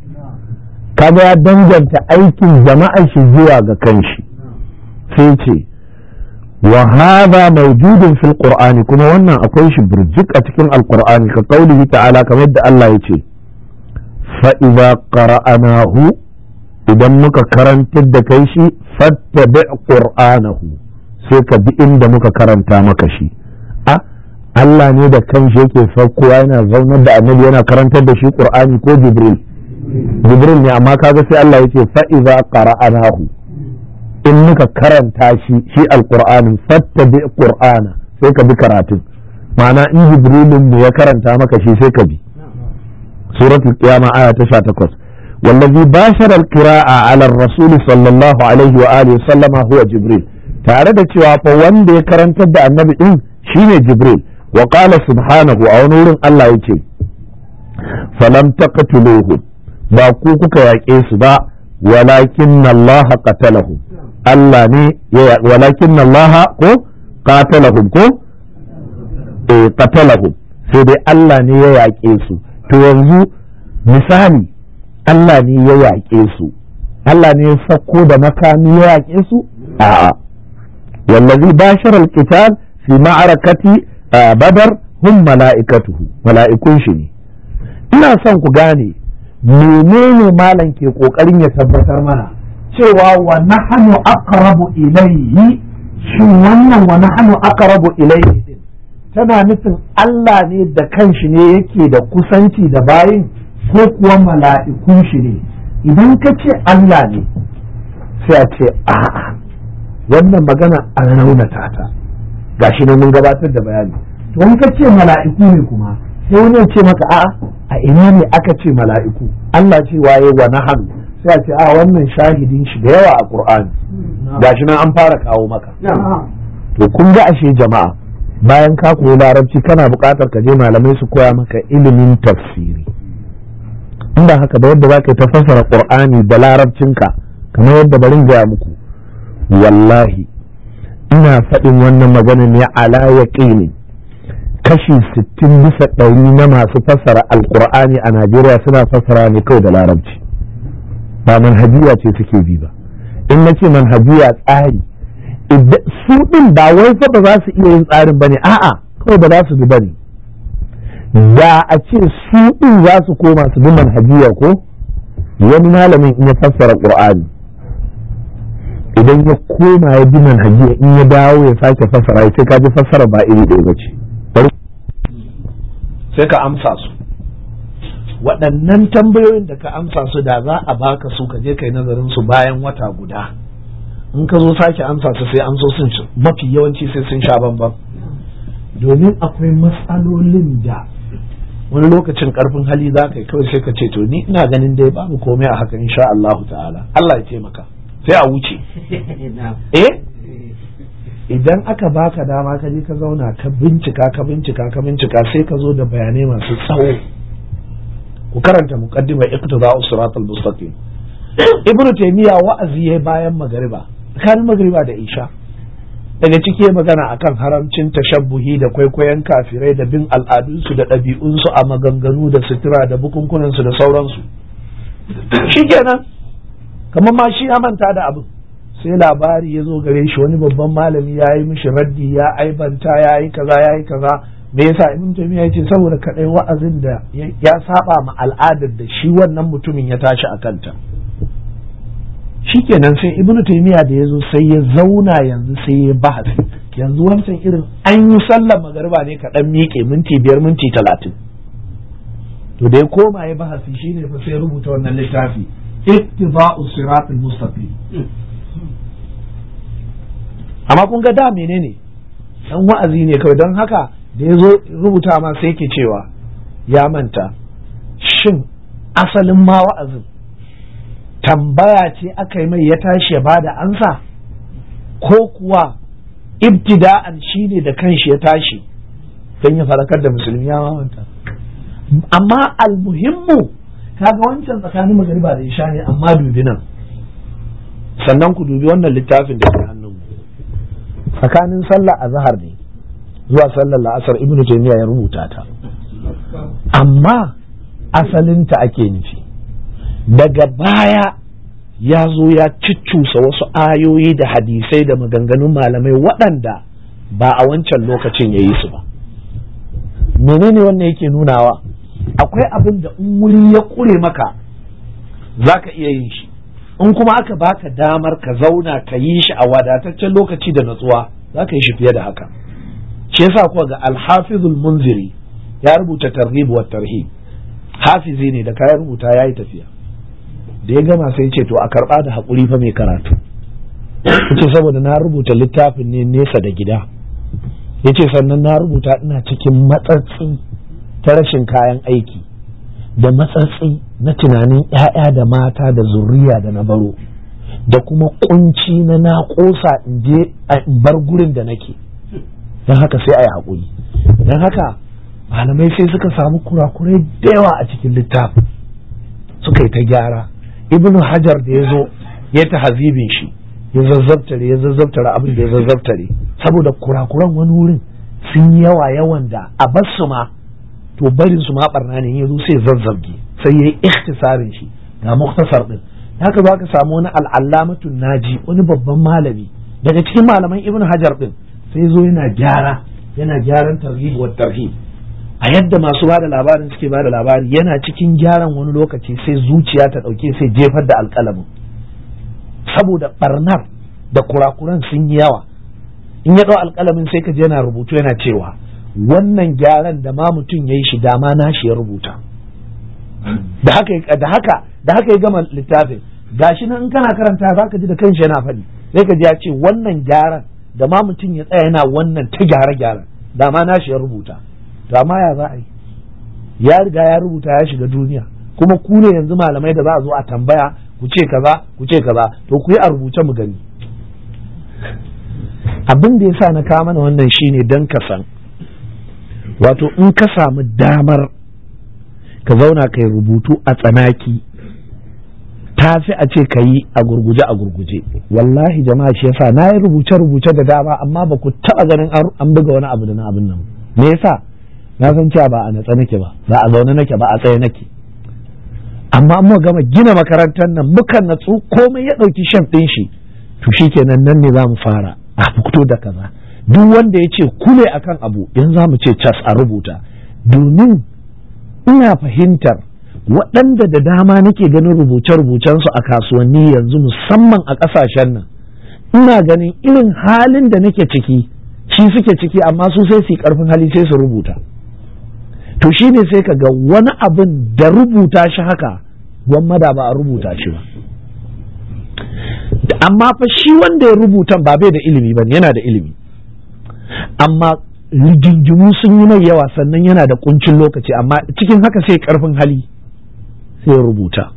kaga ya danganta aikin jama'a shi zuwa ga kanshi sai ce wa hadha mawjudun fil qur'ani kuma wannan akwai shi burjik a cikin alqur'ani ka kaulihi ta'ala kamar da Allah ya ce fa idza qara'nahu idan muka karantar da kai shi fattabi qur'anahu sai ka bi inda muka karanta maka shi Allah ne da kanshi yake saukowa yana zaunar da annabi yana karantar da shi Qur'ani ko Jibril Jibril ne amma kaga sai Allah yake fa iza qara'anahu in muka karanta shi shi alqur'anin fattabi qur'ana sai ka bi karatun ma'ana in Jibril ne ya karanta maka shi sai ka bi suratul qiyama aya ta 18 wallazi bashara alqira'a ala ar-rasul sallallahu alaihi wa alihi sallama huwa Jibril tare da cewa fa wanda ya karantar da annabi din shine Jibril wa qala subhanahu a wani wurin Allah yake falam taqtuluhu ba ku kuka yaƙe su ba walakin Allah qatalahu Allah ne walakin Allah ko qatalahum ko eh qatalahum sai dai Allah ne ya yaƙe su to yanzu misali Allah ne ya yaƙe su Allah ne ya sako da makami ya yaƙe su a'a wallazi zai al-qital fi ma'arakati badar hum mala'ikatuhu mala'ikun shi ne ina son ku gane menene malam ke kokarin ya tabbatar mana cewa wa nahnu aqrabu ilayhi shin wannan wa nahnu aqrabu ilayhi tana nufin Allah ne da kanshi ne yake da kusanci da bayin ko kuwa mala'ikun shi ne idan ka ce Allah ne sai a ce a'a wannan magana an raunata ta shi ne mun gabatar da bayani to in ka ce mala'iku ne kuma sai wani ce maka a'a a ina ne aka ce mala'iku Allah ce waye wa nahan sai a ce a wannan shahidin shi da yawa a Qur'ani shi nan an fara kawo maka to kun ga ashe jama'a bayan ka koyi larabci kana buƙatar ka je malamai su koya maka ilimin tafsiri in haka ba yadda za tafasara Kur'ani qur'ani da larabcinka kamar yadda barin gaya muku wallahi ina faɗin wannan magana ne ala ne kashi sittin bisa ɗari na masu fassara alƙur'ani a najeriya suna fassara ne kawai da larabci ba manhajiya ce suke bi ba in na ce manhajiya tsari su ɗin ba wai saba ba za su iya yin tsarin ba ne a'a kawai ba za su bi ne da a ce su ɗin za su koma su bi manhajiya ko wani malamin in ya fassara ƙur'ani idan ya koma ya bi manhajiya in ya dawo ya sake fassara sai ka ji fassara ba iri ɗaya ba ce sai ka amsa su waɗannan tambayoyin da ka amsa su da za a baka su ka je kai nazarin su bayan wata guda in ka zo sake amsa su sai amso sun ci mafi yawanci sai sun sha bambam domin akwai matsalolin da wani lokacin karfin hali za ka yi kawai sai ka ce to ni ina ganin dai babu komai a haka insha Allah ta'ala Allah ya taimaka sai a wuce eh? idan aka baka dama ka je ka zauna ka bincika ka bincika ka bincika sai ka zo da bayanai masu tsawo ku karanta muqaddima iqtida'u siratal mustaqim ibnu taymiya wa'azi yayi bayan magriba kan magriba da isha daga cike magana akan haramcin tashabbuhi da kwaikwayon kafirai da bin al'adunsu da ɗabi'unsu a maganganu da sutura da bukunkunansu da sauransu shikenan kamar ma shi ya manta da abu sai labari ya zo gare shi wani babban malami ya yi mishi raddi ya aibanta ya yi kaza ya yi kaza me yasa ibn taymiya ce saboda kadai wa'azin da ya saba ma al'adar da shi wannan mutumin ya tashi a kanta shikenan sai ibn taymiya da ya zo sai ya zauna yanzu sai ya bahasi yanzu wancan irin an yi sallar magariba ne kaɗan miƙe minti biyar minti talatin to da ya koma ya bahasi shine fa sai rubuta wannan littafi اقتضاء الصراط المستقيم amma kun ga da menene dan wa'azi ne kawai don haka da ya zo rubuta ma sai ke cewa ya manta shin asalin ma wa'azin tambaya ce aka yi mai ya tashi ya bada ansa ko kuwa ibtida'an shi ne da kanshi ya tashi don ya farakar da musulmi ya manta amma almuhimmu kaga wancan tsakanin magariba da isha ne amma dubi nan sannan ku dubi wannan littafin da ke hannun tsakanin sallah a zahar ne zuwa sallar la'asar ibnu Jami'a ya rubuta ta amma asalinta ake nufi daga baya ya zo ya ciccusa wasu ayoyi da hadisai da maganganun malamai waɗanda ba a wancan lokacin ya yi su ba menene wannan yake nunawa akwai abin da in wuri ya ƙure maka za ka iya yin shi in kuma aka baka damar ka zauna ka yi shi a wadataccen lokaci da natsuwa za ka yi shi fiye da haka shi yasa kuwa ga alhafizul munziri ya rubuta targhib wa tarhib hafizi ne da kayan rubuta ya yi tafiya da ya gama sai ce to a karɓa da haƙuri fa mai karatu ce saboda na rubuta littafin ne nesa da gida Ya ce sannan na rubuta ina cikin matsatsin ta rashin kayan aiki da matsatsi na tunanin 'ya'ya da mata da zuriya da na baro da kuma kunci na na kosa in je in bar gurin da nake don haka sai a yi haƙuri don haka malamai sai suka samu kurakurai da yawa a cikin littafin suka yi ta gyara Ibn hajar da ya zo ya ta hazibin shi ya zazzabtare ya zazzabtare abin da ya zazzabtare saboda kurakuran wani wurin sun yawa yawan da a basu ma to barin su ma barna ne yazo sai zazzabge sai yayi ikhtisarin shi ga muktasar din haka za ka samu wani al'allamatun naji wani babban malami daga cikin malaman ibn hajar din sai zo yana gyara yana gyaran tarhib wa tarhib a yadda masu ba da labarin suke ba da labari yana cikin gyaran wani lokaci sai zuciya ta dauke sai jefar da alƙalamin saboda barnar da kurakuran sun yi yawa in ya dau alƙalamin sai ka je yana rubutu yana cewa wannan gyaran da ma mutum ya yi shi dama na shi ya rubuta da haka ya gama littafin gashi nan in kana karanta za ka ji da kanshi yana faɗi sai ka ji ya ce wannan gyaran da ma mutum ya tsaya yana wannan ta gyare gyaran dama na shi ya rubuta to amma ya za a yi ya riga ya rubuta ya shiga duniya kuma ku ne yanzu malamai da za a zo a tambaya ku ce kaza ku ce kaza to ku yi a rubuce mu gani abin da ya sa na kama na wannan shine dan ka san wato in ka samu damar ka zauna ka yi rubutu a tsanaki ta fi a ce ka yi a gurguje a gurguje wallahi jama'a shi yasa na yi rubuce rubuce da dama amma ba ku taba ganin an buga wani abu da na abin nan me yasa na san cewa ba a natsa nake ba ba a zaune nake ba a tsaye nake amma mu gama gina makarantar nan muka natsu komai ya ɗauki shan ɗin shi to shikenan nan ne za mu fara a fito da kaza duk wanda ya ce kule akan abu yanzu za mu ce cas a rubuta domin ina fahimtar waɗanda da dama nake ganin rubuce-rubucensu a kasuwanni yanzu musamman a ƙasashen nan ina ganin irin halin da nake ciki shi suke ciki amma su sai su yi ƙarfin hali sai su rubuta to shi ne sai ka ga wani abin da rubuta shi haka gwamnati ba a rubuta shi ba amma fa shi wanda ya rubuta ba bai da ilimi ba yana da ilimi amma rigingimu sun yi mai yawa sannan yana da kuncin lokaci amma cikin haka sai karfin hali sai rubuta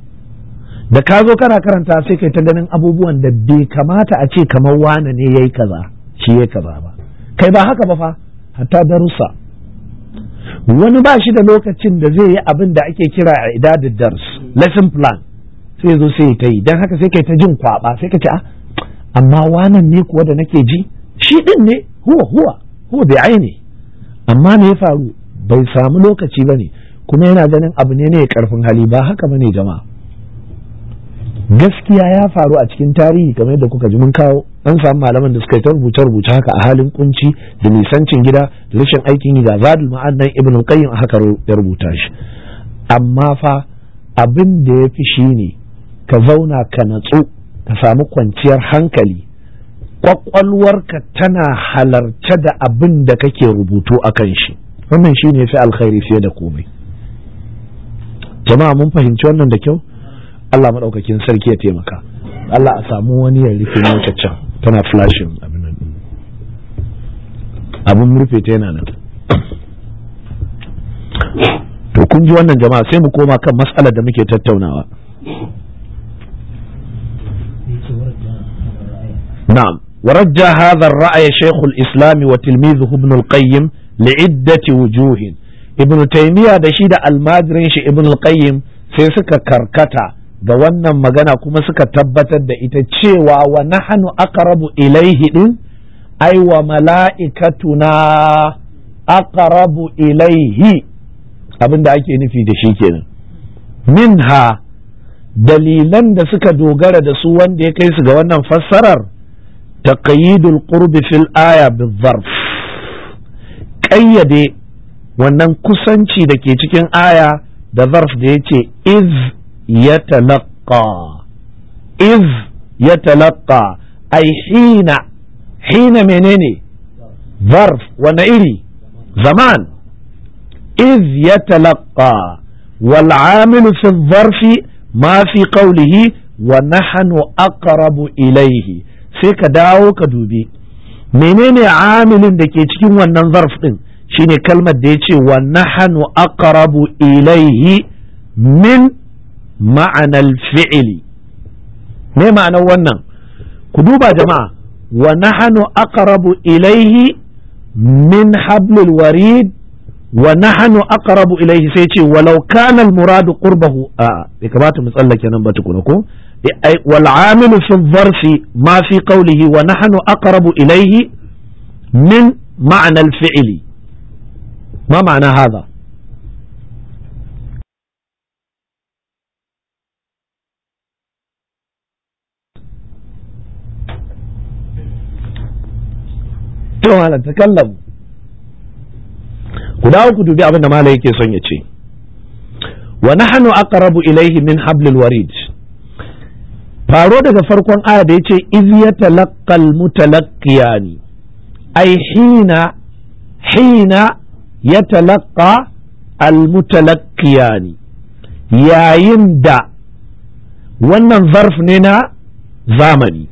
da ka zo kana karanta sai kai ta ganin abubuwan da bai kamata a ce kamar wane ne yayi kaza shi yayi kaza ba kai ba haka ba fa hatta darussa wani ba shi da lokacin da zai yi abin da ake kira a idadin dars lesson plan sai zo sai ta yi don haka sai kai ta jin kwaba sai ka ce ah, amma wanan ne kuwa da nake ji shi din ne huwa huwa huwa bai aini amma me ya faru bai samu lokaci bane kuma yana ganin abu ne ne karfin hali ba haka bane jama'a gaskiya ya faru a cikin tarihi kamar yadda kuka ji mun kawo an samu malaman da suka yi ta rubuce rubuce haka a halin kunci da nisancin gida da rashin aikin yi ga zadul ma'an nan ibn qayyim haka ya rubuta shi amma fa abin da ya fi shine ka zauna ka natsu ka samu kwanciyar hankali kwakwalwarka tana halarce da abin da kake rubutu a kan shi wannan shi ne fi alkhairi fiye da komai jama'a mun fahimci wannan da kyau Allah maɗaukakin sarki ya taimaka Allah a samu wani ya rufe mota tana flashin abin nan abin rufe ta yana nan to kun ji wannan jama'a sai mu koma kan matsalar da muke tattaunawa na'am ورجى هذا الرأي شيخ الإسلام وتلميذه ابن القيم لعدة وجوه ابن تيمية دشيد المادرينش ابن Sai suka karkata da wannan magana kuma suka tabbatar da ita cewa wa nahanu aqrabu ilaihi din ai wa mala'ikatuna aqrabu ilaihi abinda ake nufi da shi kenan minha dalilan da suka dogara da su wanda ya kai su ga wannan fassarar taqayyidul qurbi fil aya bizarf ƙayyade wannan kusanci da ke cikin aya da zarf da yace iz yatalaqqa iz yatalaqqa ai hina hina menene zarf wani iri zaman iz yatalaqqa wal amilu fi zarfi ma fi qawlihi wa nahnu aqrabu ilayhi sai ka dawo ka dubi menene amilin da ke cikin wannan zarf din shine kalmar da ya ce wa nahanu aqrabu ilaihi min ma'anar fi'ili me ma'anar wannan ku duba jama'a wa nahanu aqrabu ilaihi min hablil warid wa nahnu aqrabu ilayhi sai ce walau kana al muradu qurbahu a bai kamata mu tsallake nan ba tukuna ko wal amilu fi dharfi ma fi qawlihi wa nahnu aqrabu ilayhi min ma'na al fi'li ma ma'na hadha to malam takallam ku dawo ku dubi abin da malam yake son ya ce wa nahnu aqrabu ilayhi min hablil warid faro daga farkon aya da yace iz yatalaqqal mutalaqqiyani ai hina hina yatalaqqa al mutalaqqiyani yayin da wannan zarf ne na zamani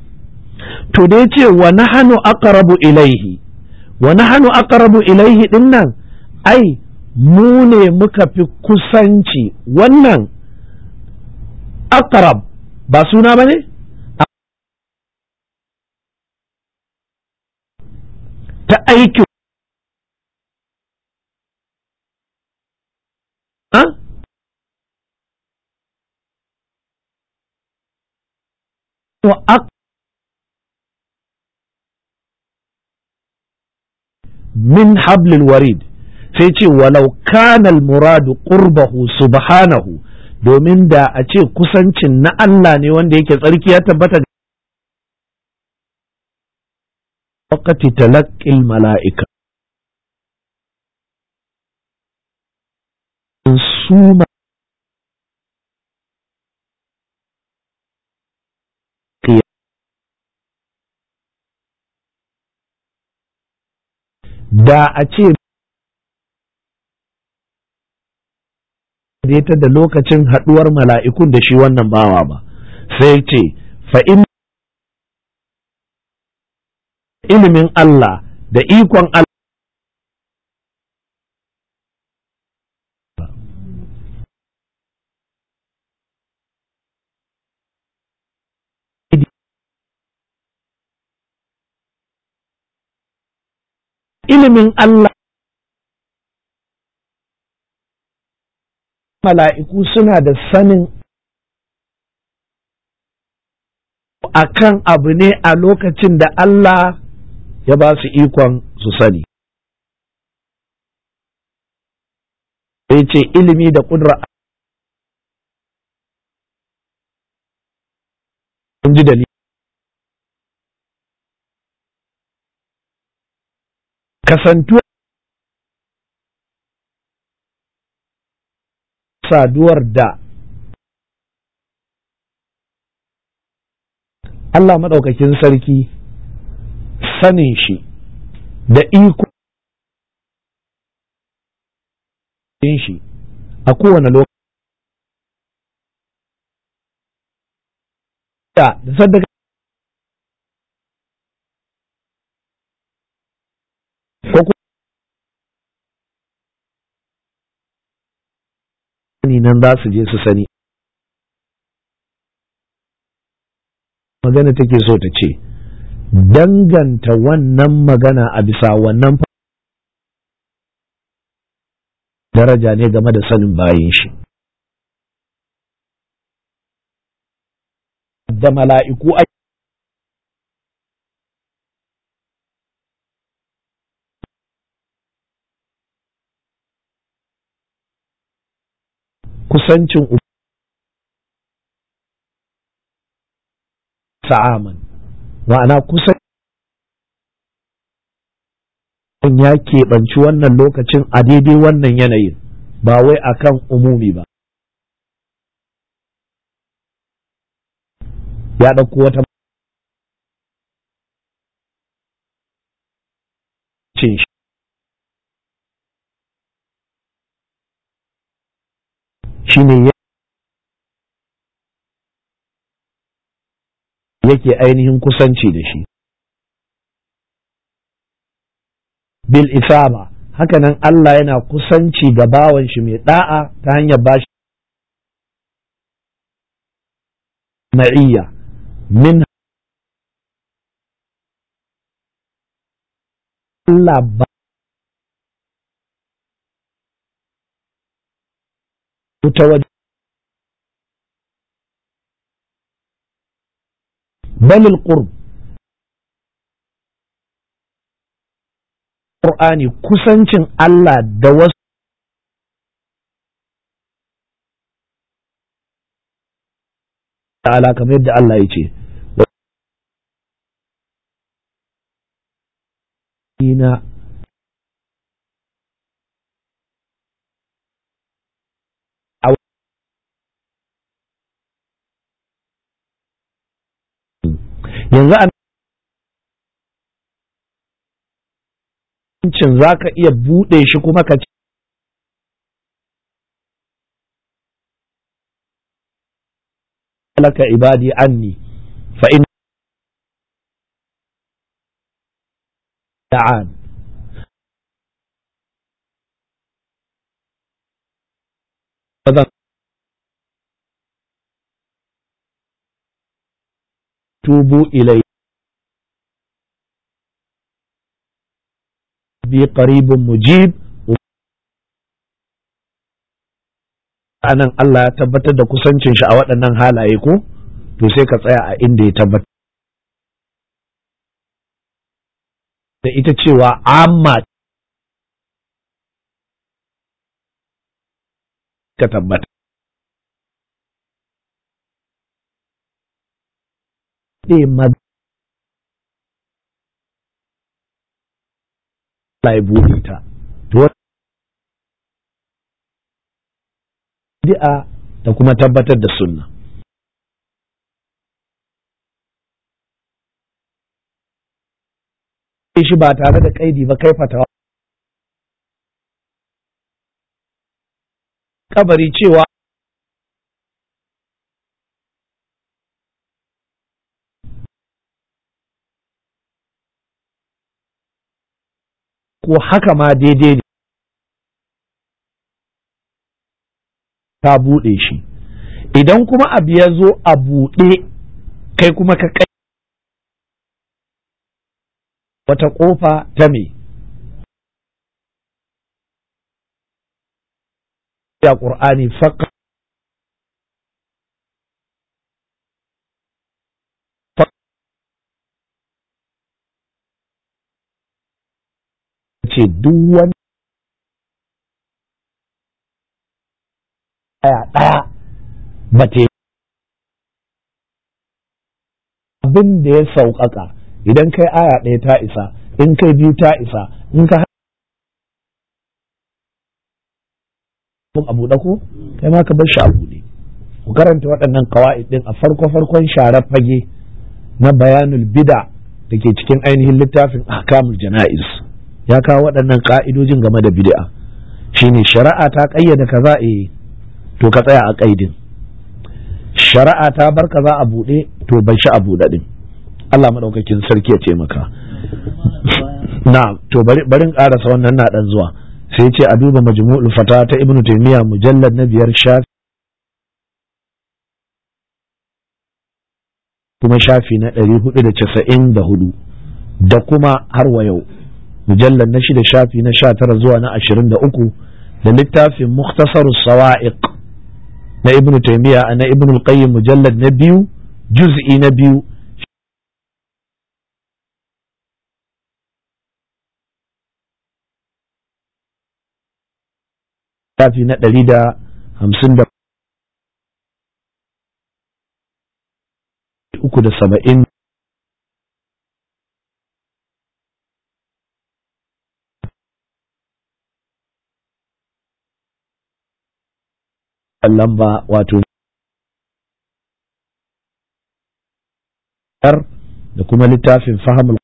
to da yace wa nahnu aqrabu ilayhi wa nahnu aqrabu ilayhi dinnan ai mu ne muka fi kusanci wannan akarab ba suna ba ne ta aiki من حبل warid sai ce walau kanal muradu qurbahu subhanahu domin da a ce kusancin na Allah ne wanda yake tsarki ya tabbata waqati talaqqil mala'ika suma da a ce daidai ta da lokacin haɗuwar mala'ikun da shi wannan bawa ba sai ce fa'in ilimin Allah da ikon Allah ilimin Allah mala'iku suna da sanin a kan abu ne a lokacin da Allah ya ba su ikon su sani sai ce ilimi da ƙudura ji dalili kasantuwa saduwar da Allah maɗaukakin sarki sanin shi da iko shi a kowane lokaci da sadaka nan za su je su sani magana take so ta ce danganta wannan magana a bisa wannan daraja ne game da sanin bayan shi da mala'iku kusancin sa'aman ma'ana kusan ya keɓanci wannan lokacin a daidai wannan yanayin ba wai akan umumi ba ya ɗauko wata cin shine yake ainihin kusanci da shi bil isaba hakanan Allah yana kusanci ga bawan shi mai da'a ta hanyar shi ma'iyya min Allah ta waje balil qurb Ƙur'ani kusancin Allah da wasu ta'ala kamar yadda Allah ya ce na yanzu a cin za ka iya buɗe shi kuma ka ci alaka ibadi anni fa in da'an bazan وتوبوا إليه ربي قريب مجيب anan Allah ya tabbatar da kusancin shi a waɗannan halaye ko to sai ka tsaya a inda ya tabbatar da ita cewa amma ka tabbata buɗe ta da kuma tabbatar da sunna shi ba tare da kaidi ba kai fatawa kabari cewa ko haka ma daidai ne ta buɗe shi idan kuma abu ya zo a buɗe kai kuma ka kai wata ƙofa ta me ya ƙur'ani faƙa ce duk wani ɗaya ɗaya ba abin da ya sauƙaƙa idan kai aya ɗaya ta isa in kai biyu ta isa in ka abu da kai ma ka bar shi a buɗe ku karanta waɗannan kawai ɗin a farko farkon sharar fage na bayanul bida da ke cikin ainihin littafin akamul jana'iz ya kawo waɗannan ƙa’idojin game da bid'a ne shari'a ta za a yi to ka tsaya a kaidin shari'a ta bar za a buɗe to ban shi a buɗe din Allah maɗaukakin sarki ya ce maka na to bari barin ƙarasa wannan na ɗan zuwa sai ce a duba majmu'ul fata ta ibnu taymiya mujallad na biyar shafi kuma shafi na 494 da kuma har wa yau mujallar na shida shafi na sha tara zuwa na ashirin da uku da littafin muktasaru sawa'iq na ibn taimiyya na ibn qayyim mujallar na biyu juz'i na biyu shafi na ɗari da hamsin da uku da saba'in wannan lamba wato da kuma littafin fahimul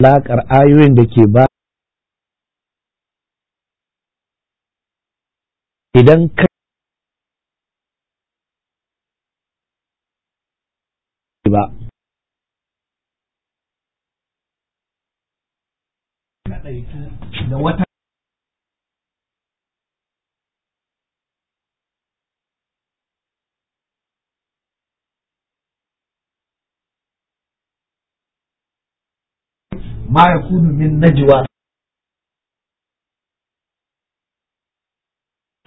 alaƙar ayoyin da ke ba idan ka ba da wata ما يكون من نجوى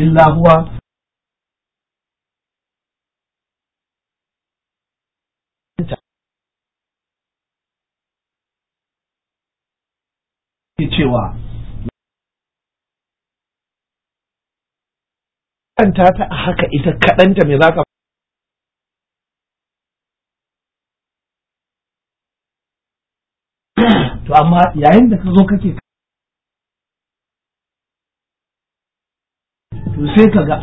إلا هو cewa kanta ta haka ita kaɗanta me za ka to amma yayin da ka zo kake to sai ka ga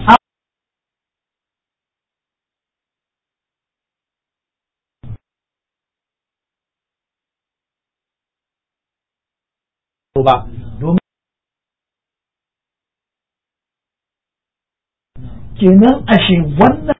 ba domin kenan ashe wannan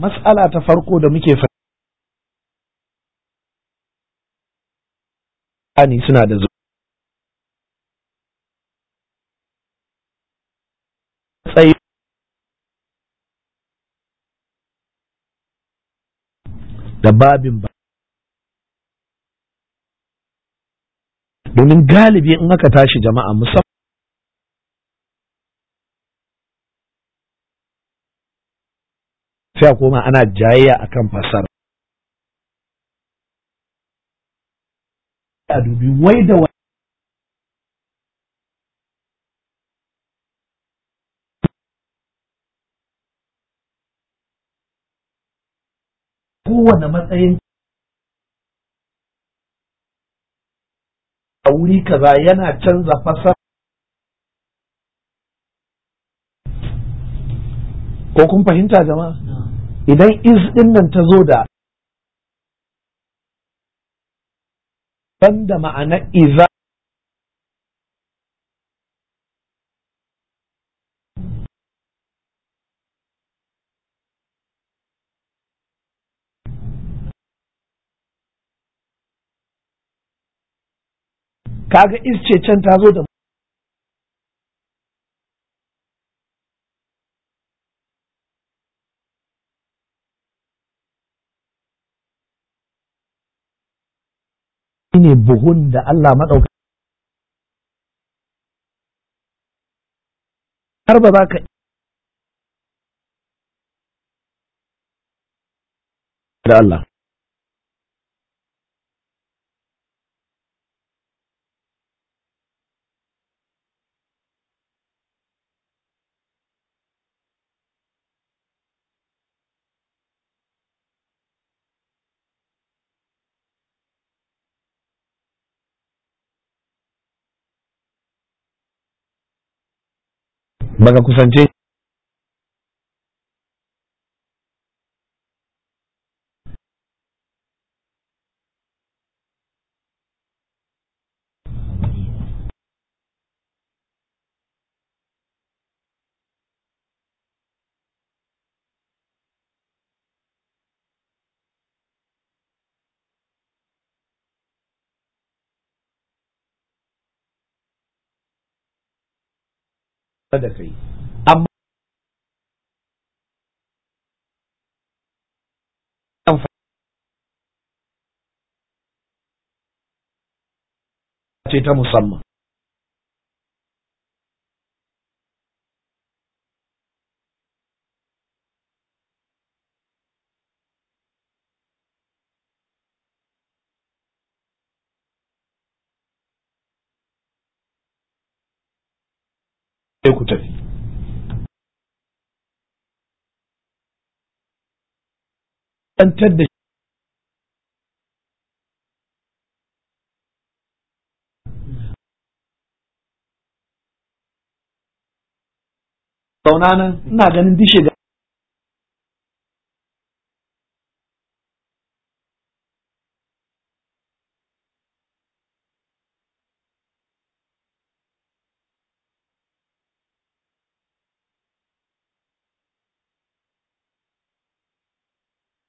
matsala ta farko da muke fahimta suna da tsayi da babin ba domin galibi in aka tashi jama'a musamman sai a koma ana jayayya akan fasar a dubi wai da kowane matsayin a wuri kaza yana canza fasa ko kun fahimta jama'a idan is din nan ta zo da banda ma'ana iza kaga iz ce can ta zo da shine buhun da Allah maɗauka har ba za ka da Allah baka kusance da kai amma ce ta musamman أن تدش طونانا نادن ديشي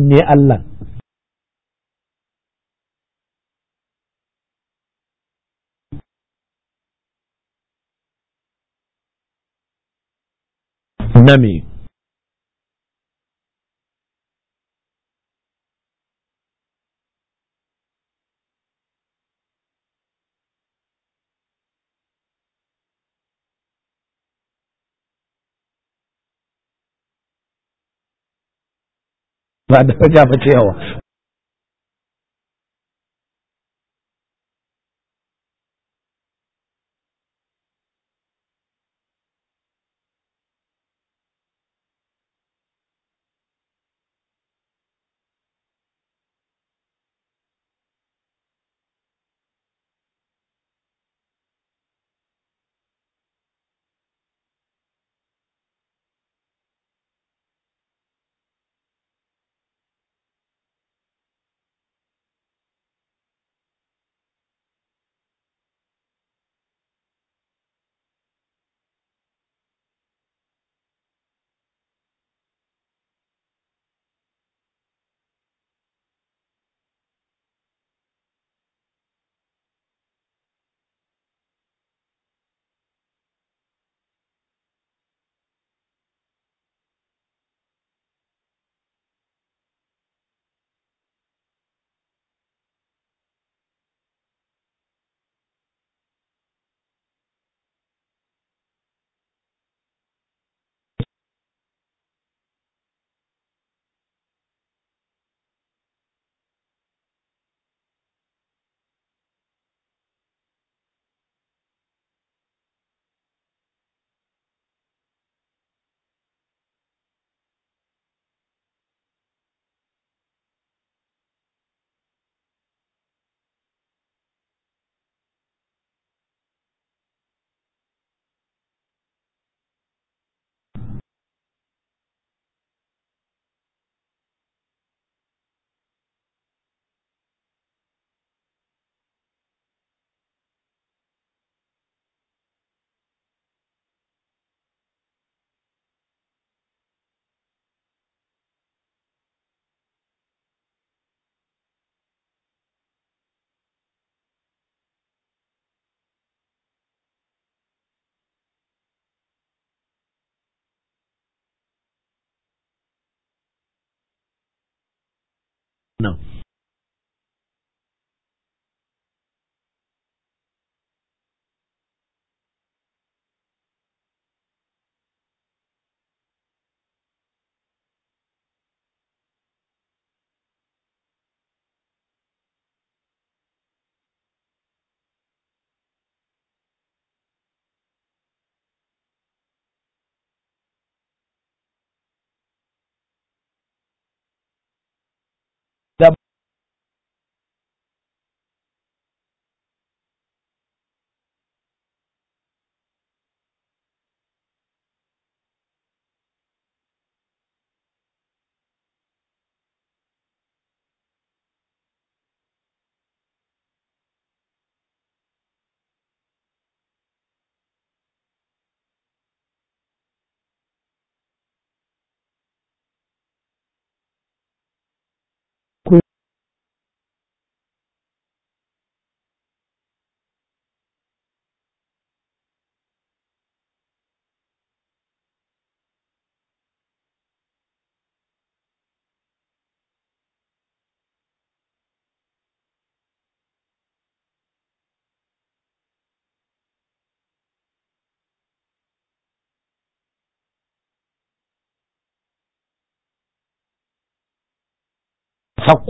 ne Allah nami ba da waje ba cewa No. sau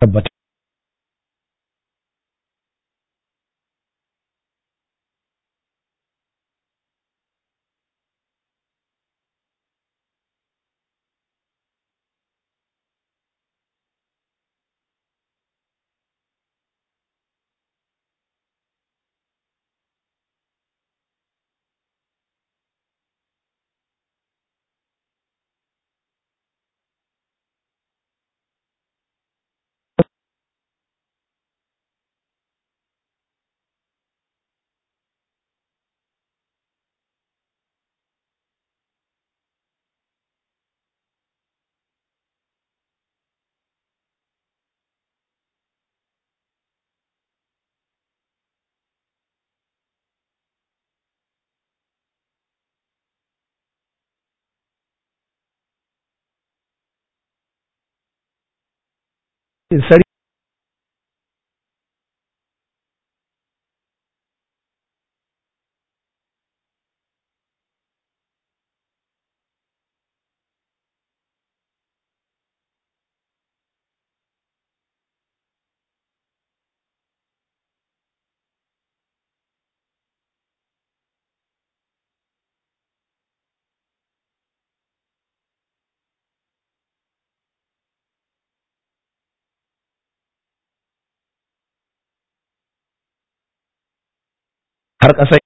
but சரி har saya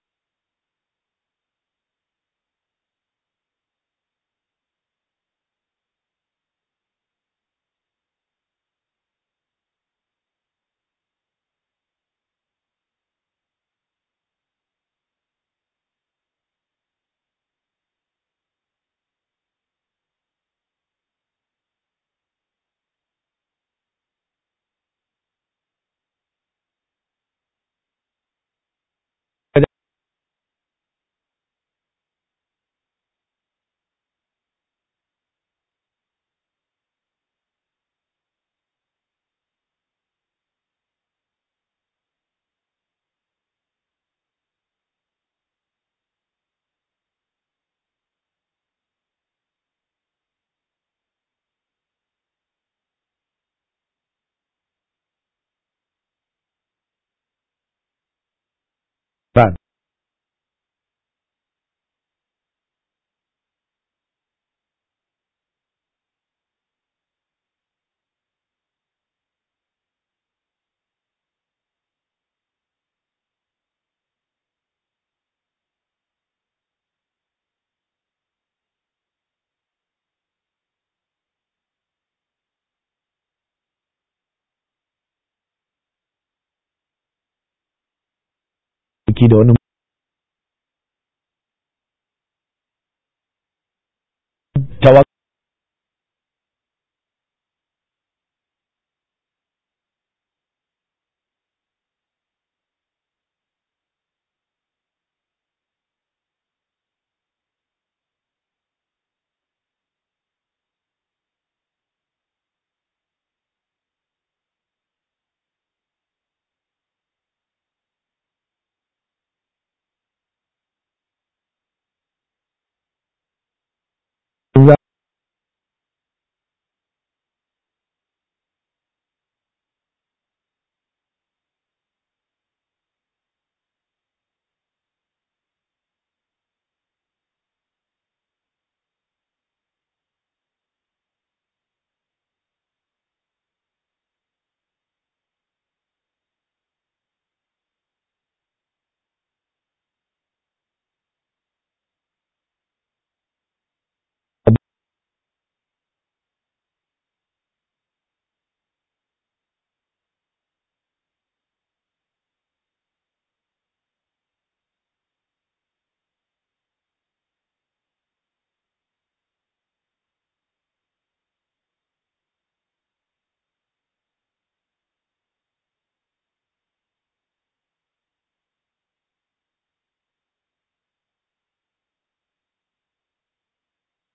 Kidono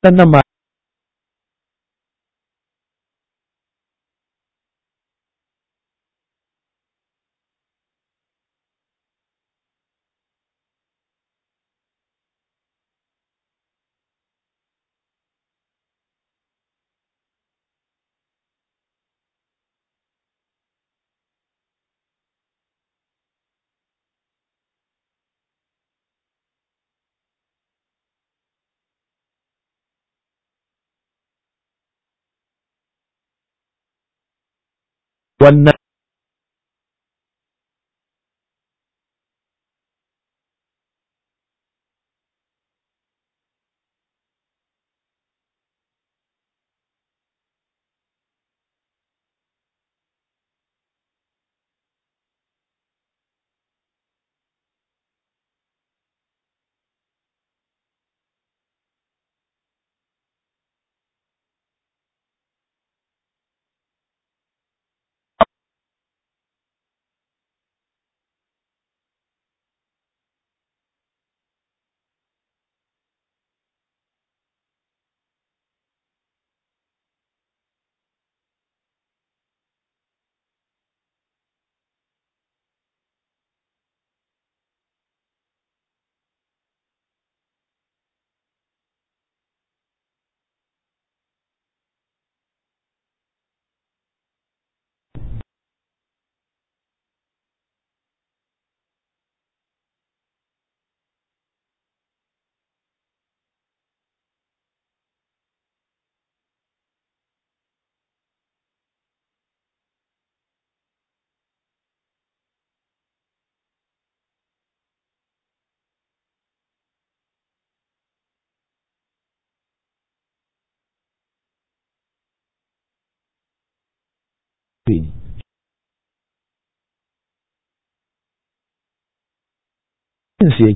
ನನ್ನ One. سی آئی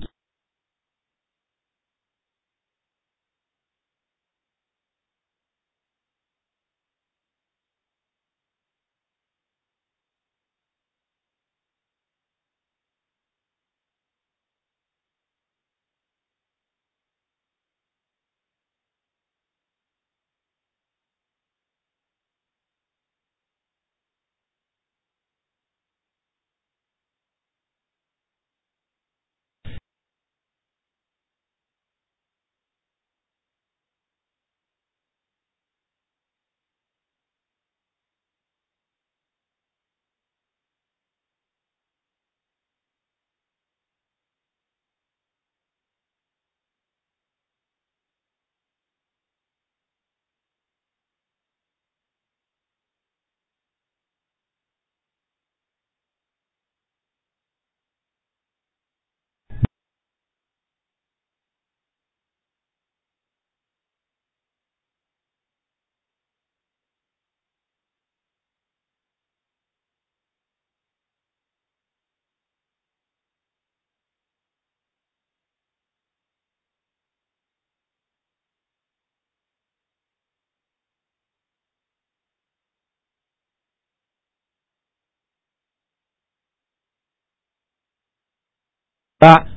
八。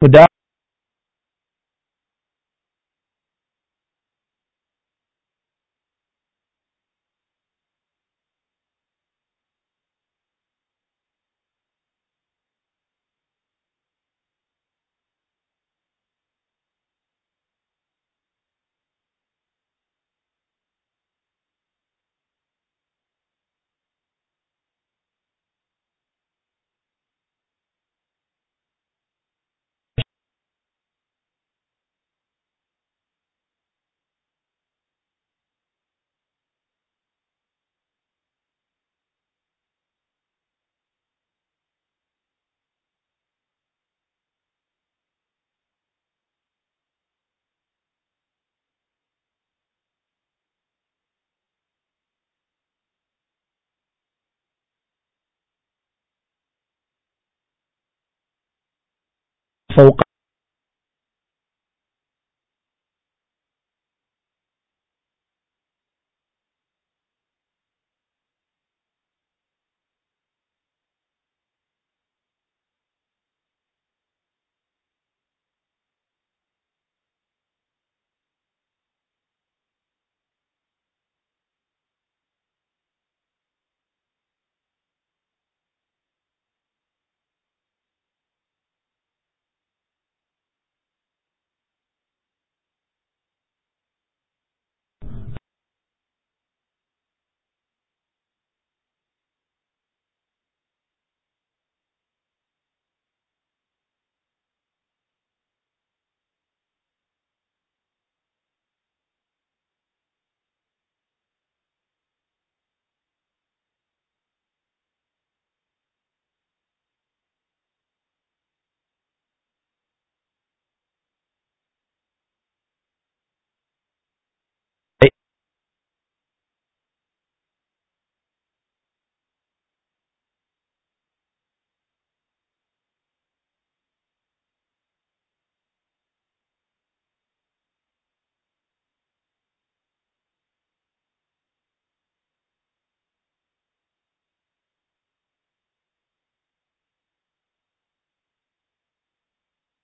Without فوق